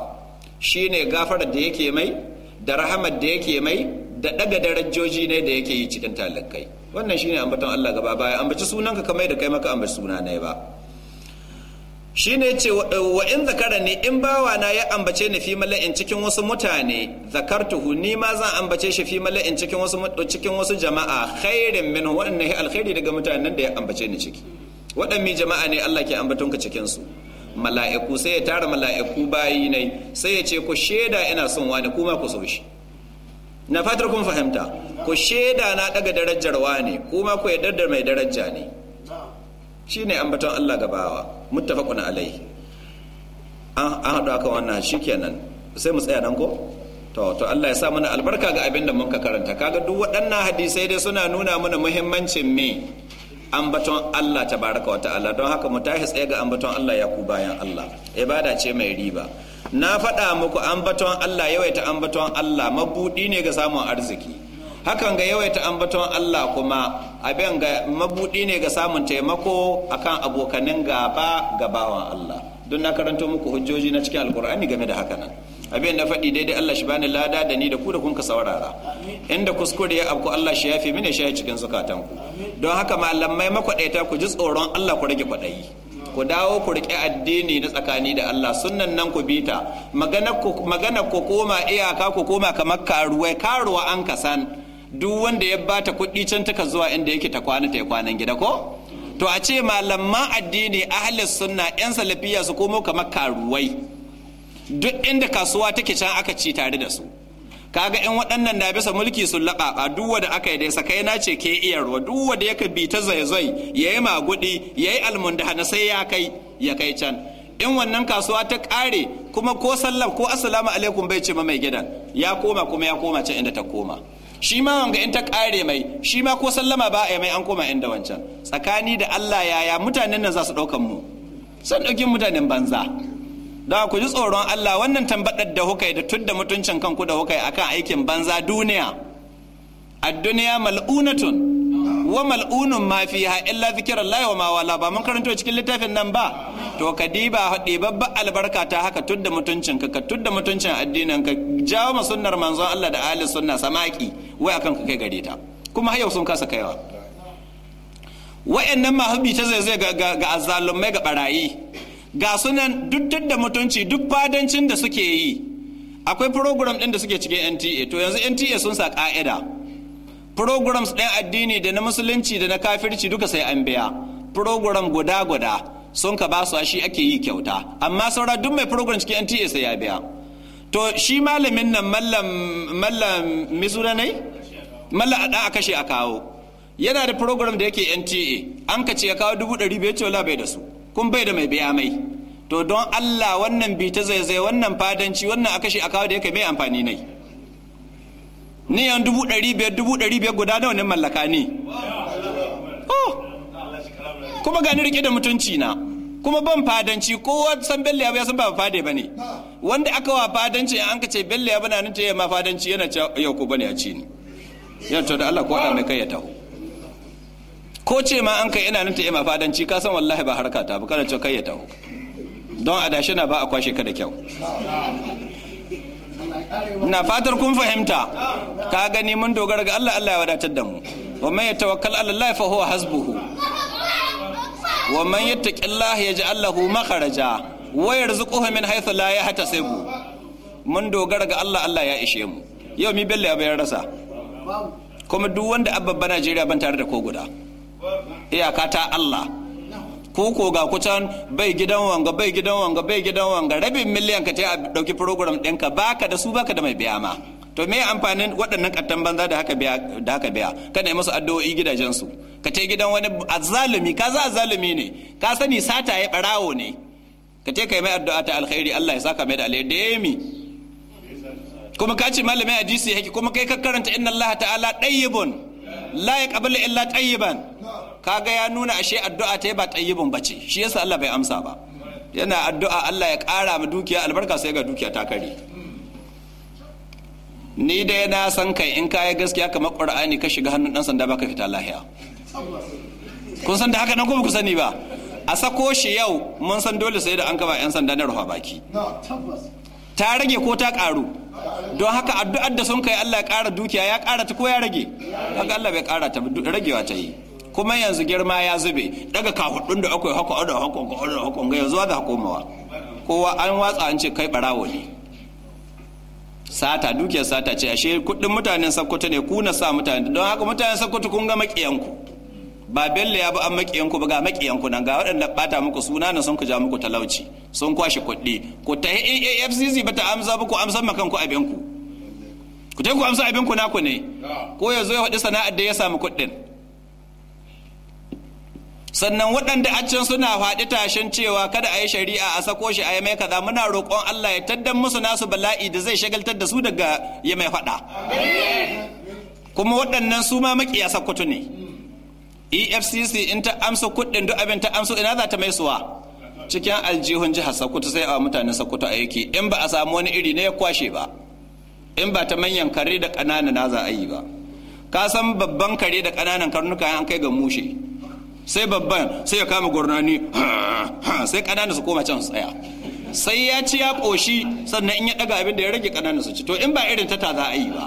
shine gafarar da yake mai da rahamar da yake mai da daga darajoji ne da yake yi cikin talakai wannan shine ambaton Allah gaba baya ambaci sunanka kamar da kai maka ambaci suna ne ba shine ce wa in zakara ne in bawa na ya ambace ni fi mala'in cikin wasu mutane zakartuhu ni ma zan ambace shi fi mala'in cikin wasu cikin wasu jama'a khairin min wannan alkhairi daga mutanen da ya ambace ni ciki waɗanne jama'a ne Allah ke ka cikin su mala'iku sai ya tara mala'iku bayi ne sai ya ce ku shaida ina son wani kuma ku so shi na fatar kun fahimta ku shaida na daga darajar wani kuma ku yarda da mai daraja ne Shi ne ambaton Allah gabawa muttafaqun alaihi an haɗu aka wannan shikenan sai mu tsaya nan ko to to Allah ya sa mana albarka ga abin da muka karanta kaga duk waɗannan hadisai dai suna nuna mana muhimmancin me ambaton Allah ta baraka wata allah don haka mu tsaye ga ambaton Allah ya ku bayan Allah ibada ce mai riba na faɗa muku ambaton Allah yawaita ambaton Allah mabudi ne ga samun arziki hakan ga yawaita ambaton Allah kuma abin ga mabudi ne ga samun taimako akan abokanin gaba ga bawan Allah don na karanto muku hujjoji na cikin alkur'ani game da haka nan abin da faɗi daidai Allah shi bani lada da ni da ku da kun ka saurara inda kuskure ya abku Allah shi yafi mini shi cikin zukatanku don haka malamai makwaɗaita ku ji tsoron Allah ku rage kwaɗayi ku dawo ku riƙe addini na tsakani da Allah sunnan nan ku bita magana ku koma iyaka ku koma kamar karuwa karuwa an kasan duk wanda ya bata kuɗi can taka zuwa inda yake ta kwana ta kwanan gida ko to a ce malaman addini ahli sunna yan salafiya su komo kamar karuwai duk inda kasuwa take can aka ci tare da su kaga in waɗannan na bisa mulki sun laƙaƙa duk wanda aka yi da sakai na ce ke iya ruwa duk wanda yaka bi ta zaizai ya yi maguɗi ya yi almundahana sai ya kai ya kai can in wannan kasuwa ta ƙare kuma ko sallam ko assalamu alaikum bai ce ma mai gidan ya koma kuma ya koma can inda ta koma shi ma wanga in ta ƙare mai shi ma ko sallama ba a mai an koma inda wancan tsakani da Allah yaya mutanen nan za su ɗaukan mu san ɗaukin mutanen banza da ku ji tsoron Allah wannan tambadar da hukai da tudda mutuncin kanku da hukai akan aikin banza duniya ad-dunya mal'unatun wa mal'unun ma fiha illa zikrullahi wa ma wala ba mun karanto cikin littafin nan ba to ka diba babba albarka ta haka tudda mutuncin ka ka tudda mutuncin addinin ka jawo ma sunnar manzon Allah da ahli sunna samaki wai akan ka kai gare ta kuma har yau sun kasa kaiwa wa'annan mahabbi ta zai zai ga azzalumai ga barayi ga sunan duk da mutunci duk fadancin da suke yi akwai program ɗin da suke cikin nta to yanzu nta sun sa ƙa'ida programs ɗin addini da na musulunci da na kafirci duka sai an biya program guda guda sun ka ba su shi ake yi kyauta amma saura duk mai program cikin nta sai ya biya to shi malamin nan mallam mallam misura ne mallam a kashe a kawo yana da program da yake nta an ka ce ya kawo dubu ɗari bai ce wala bai da su kun bai da mai biya mai to don Allah wannan bi ta zaizai wannan fadanci wannan akashi a kawo da yake mai amfani ne niyan dubu ɗari biyar dubu ɗari biyar guda nawa ne mallaka ne oh! kuma gani rike da mutunci na kuma ban fadanci ko san bello ya san ba fade ba ne wanda aka wa fadanci an ka ce bello ya bana nan ce ma fadanci yana yau ko bane a ci ne yana to da Allah ko Allah mai kai ya taho ko ce ma an kai ina nan ta ima fadanci ka san wallahi ba harka ta bukatar ce kai ya taho don a dashi na ba a kwashe ka da kyau na fatar kun fahimta ka gani mun dogara ga Allah Allah ya wadatar da mu wa man yatawakkal ala Allah fa huwa hasbuhu wa man yattaqillah yaj'al lahu makharaja wa yarzuquhu min haythu la yahtasibu mun dogara ga Allah Allah ya ishe mu yau mi bella ya bayar rasa kuma duk wanda abba Najeriya ban tare da ko guda iyaka ta Allah ko ga kucan bai gidan wanga bai gidan wanga bai gidan wanga rabin miliyan ka ta a dauki program ɗinka baka da su baka da mai biya ma to me amfanin waɗannan kattan banza da haka biya da haka biya ka yi musu addu'o'i gidajensu ka ta gidan wani azzalumi ka za azzalumi ne ka sani sata ya barawo ne ka ta kai mai addu'a ta alkhairi Allah ya saka mai da alheri da yemi kuma ka ce a hadisi yake kuma kai ka karanta inna Allah ta'ala dayyibun la yaqbalu illa tayyiban kaga ya nuna ashe addu'a ta ba tayyibun bace shi yasa Allah bai amsa ba yana addu'a Allah ya ƙara ma dukiya albarka sai ga dukiya ta kare ni dai na san kai in kaya gaskiya kamar qur'ani ka shiga hannun ɗan sanda baka fita lahiya kun san da haka nan kuma ku sani ba a sako shi yau mun san dole sai da an kaba 'yan sanda na rufa baki ta rage ko ta ƙaru don haka addu'ar da sun kai Allah ya ƙara dukiya ya kara ta ko ya rage kaga Allah bai ƙara ta ragewa ta yi kuma yanzu girma ya zube daga kahudun da akwai hako da hako da hako ga yanzu za komawa kowa an watsa an ce kai barawo ne sata dukiyar sata ce ashe kuɗin mutanen sakkwato ne ku na sa mutane don haka mutanen sakkwato kun ga makiyanku ba bello ya bi an makiyanku ba ga makiyanku nan ga waɗanda bata muku suna na sun ku ja muku talauci sun kwashe kuɗi ku ta AFCC e e ba ta amsa ba ku amsa ma kanku abin ku ku ta ku amsa abin ku naku ne ko ya zo ya faɗi sana'ar da ya samu kuɗin sannan waɗanda a can suna faɗi tashin cewa kada a yi shari'a a sako shi a yi mai kaza muna roƙon Allah ya taddan musu nasu bala'i da zai shagaltar da su daga ya mai faɗa kuma waɗannan su ma maƙiya sakkwato ne efcc in ta amsa kuɗin duk abin ta amsa ina za ta mai suwa cikin aljihun jihar sokoto sai a mutanen sokoto a yake in ba a samu wani iri ne ya kwashe ba in ba ta manyan kare da ƙananan na za a yi ba ka san babban kare da ƙananan karnuka an kai ga mushe sai babban sai ya kama gurnani sai ƙananan su koma can su tsaya sai ya ci ya ƙoshi sannan in ya ɗaga abin da ya rage ƙananan su ci to in ba irin ta ta za a yi ba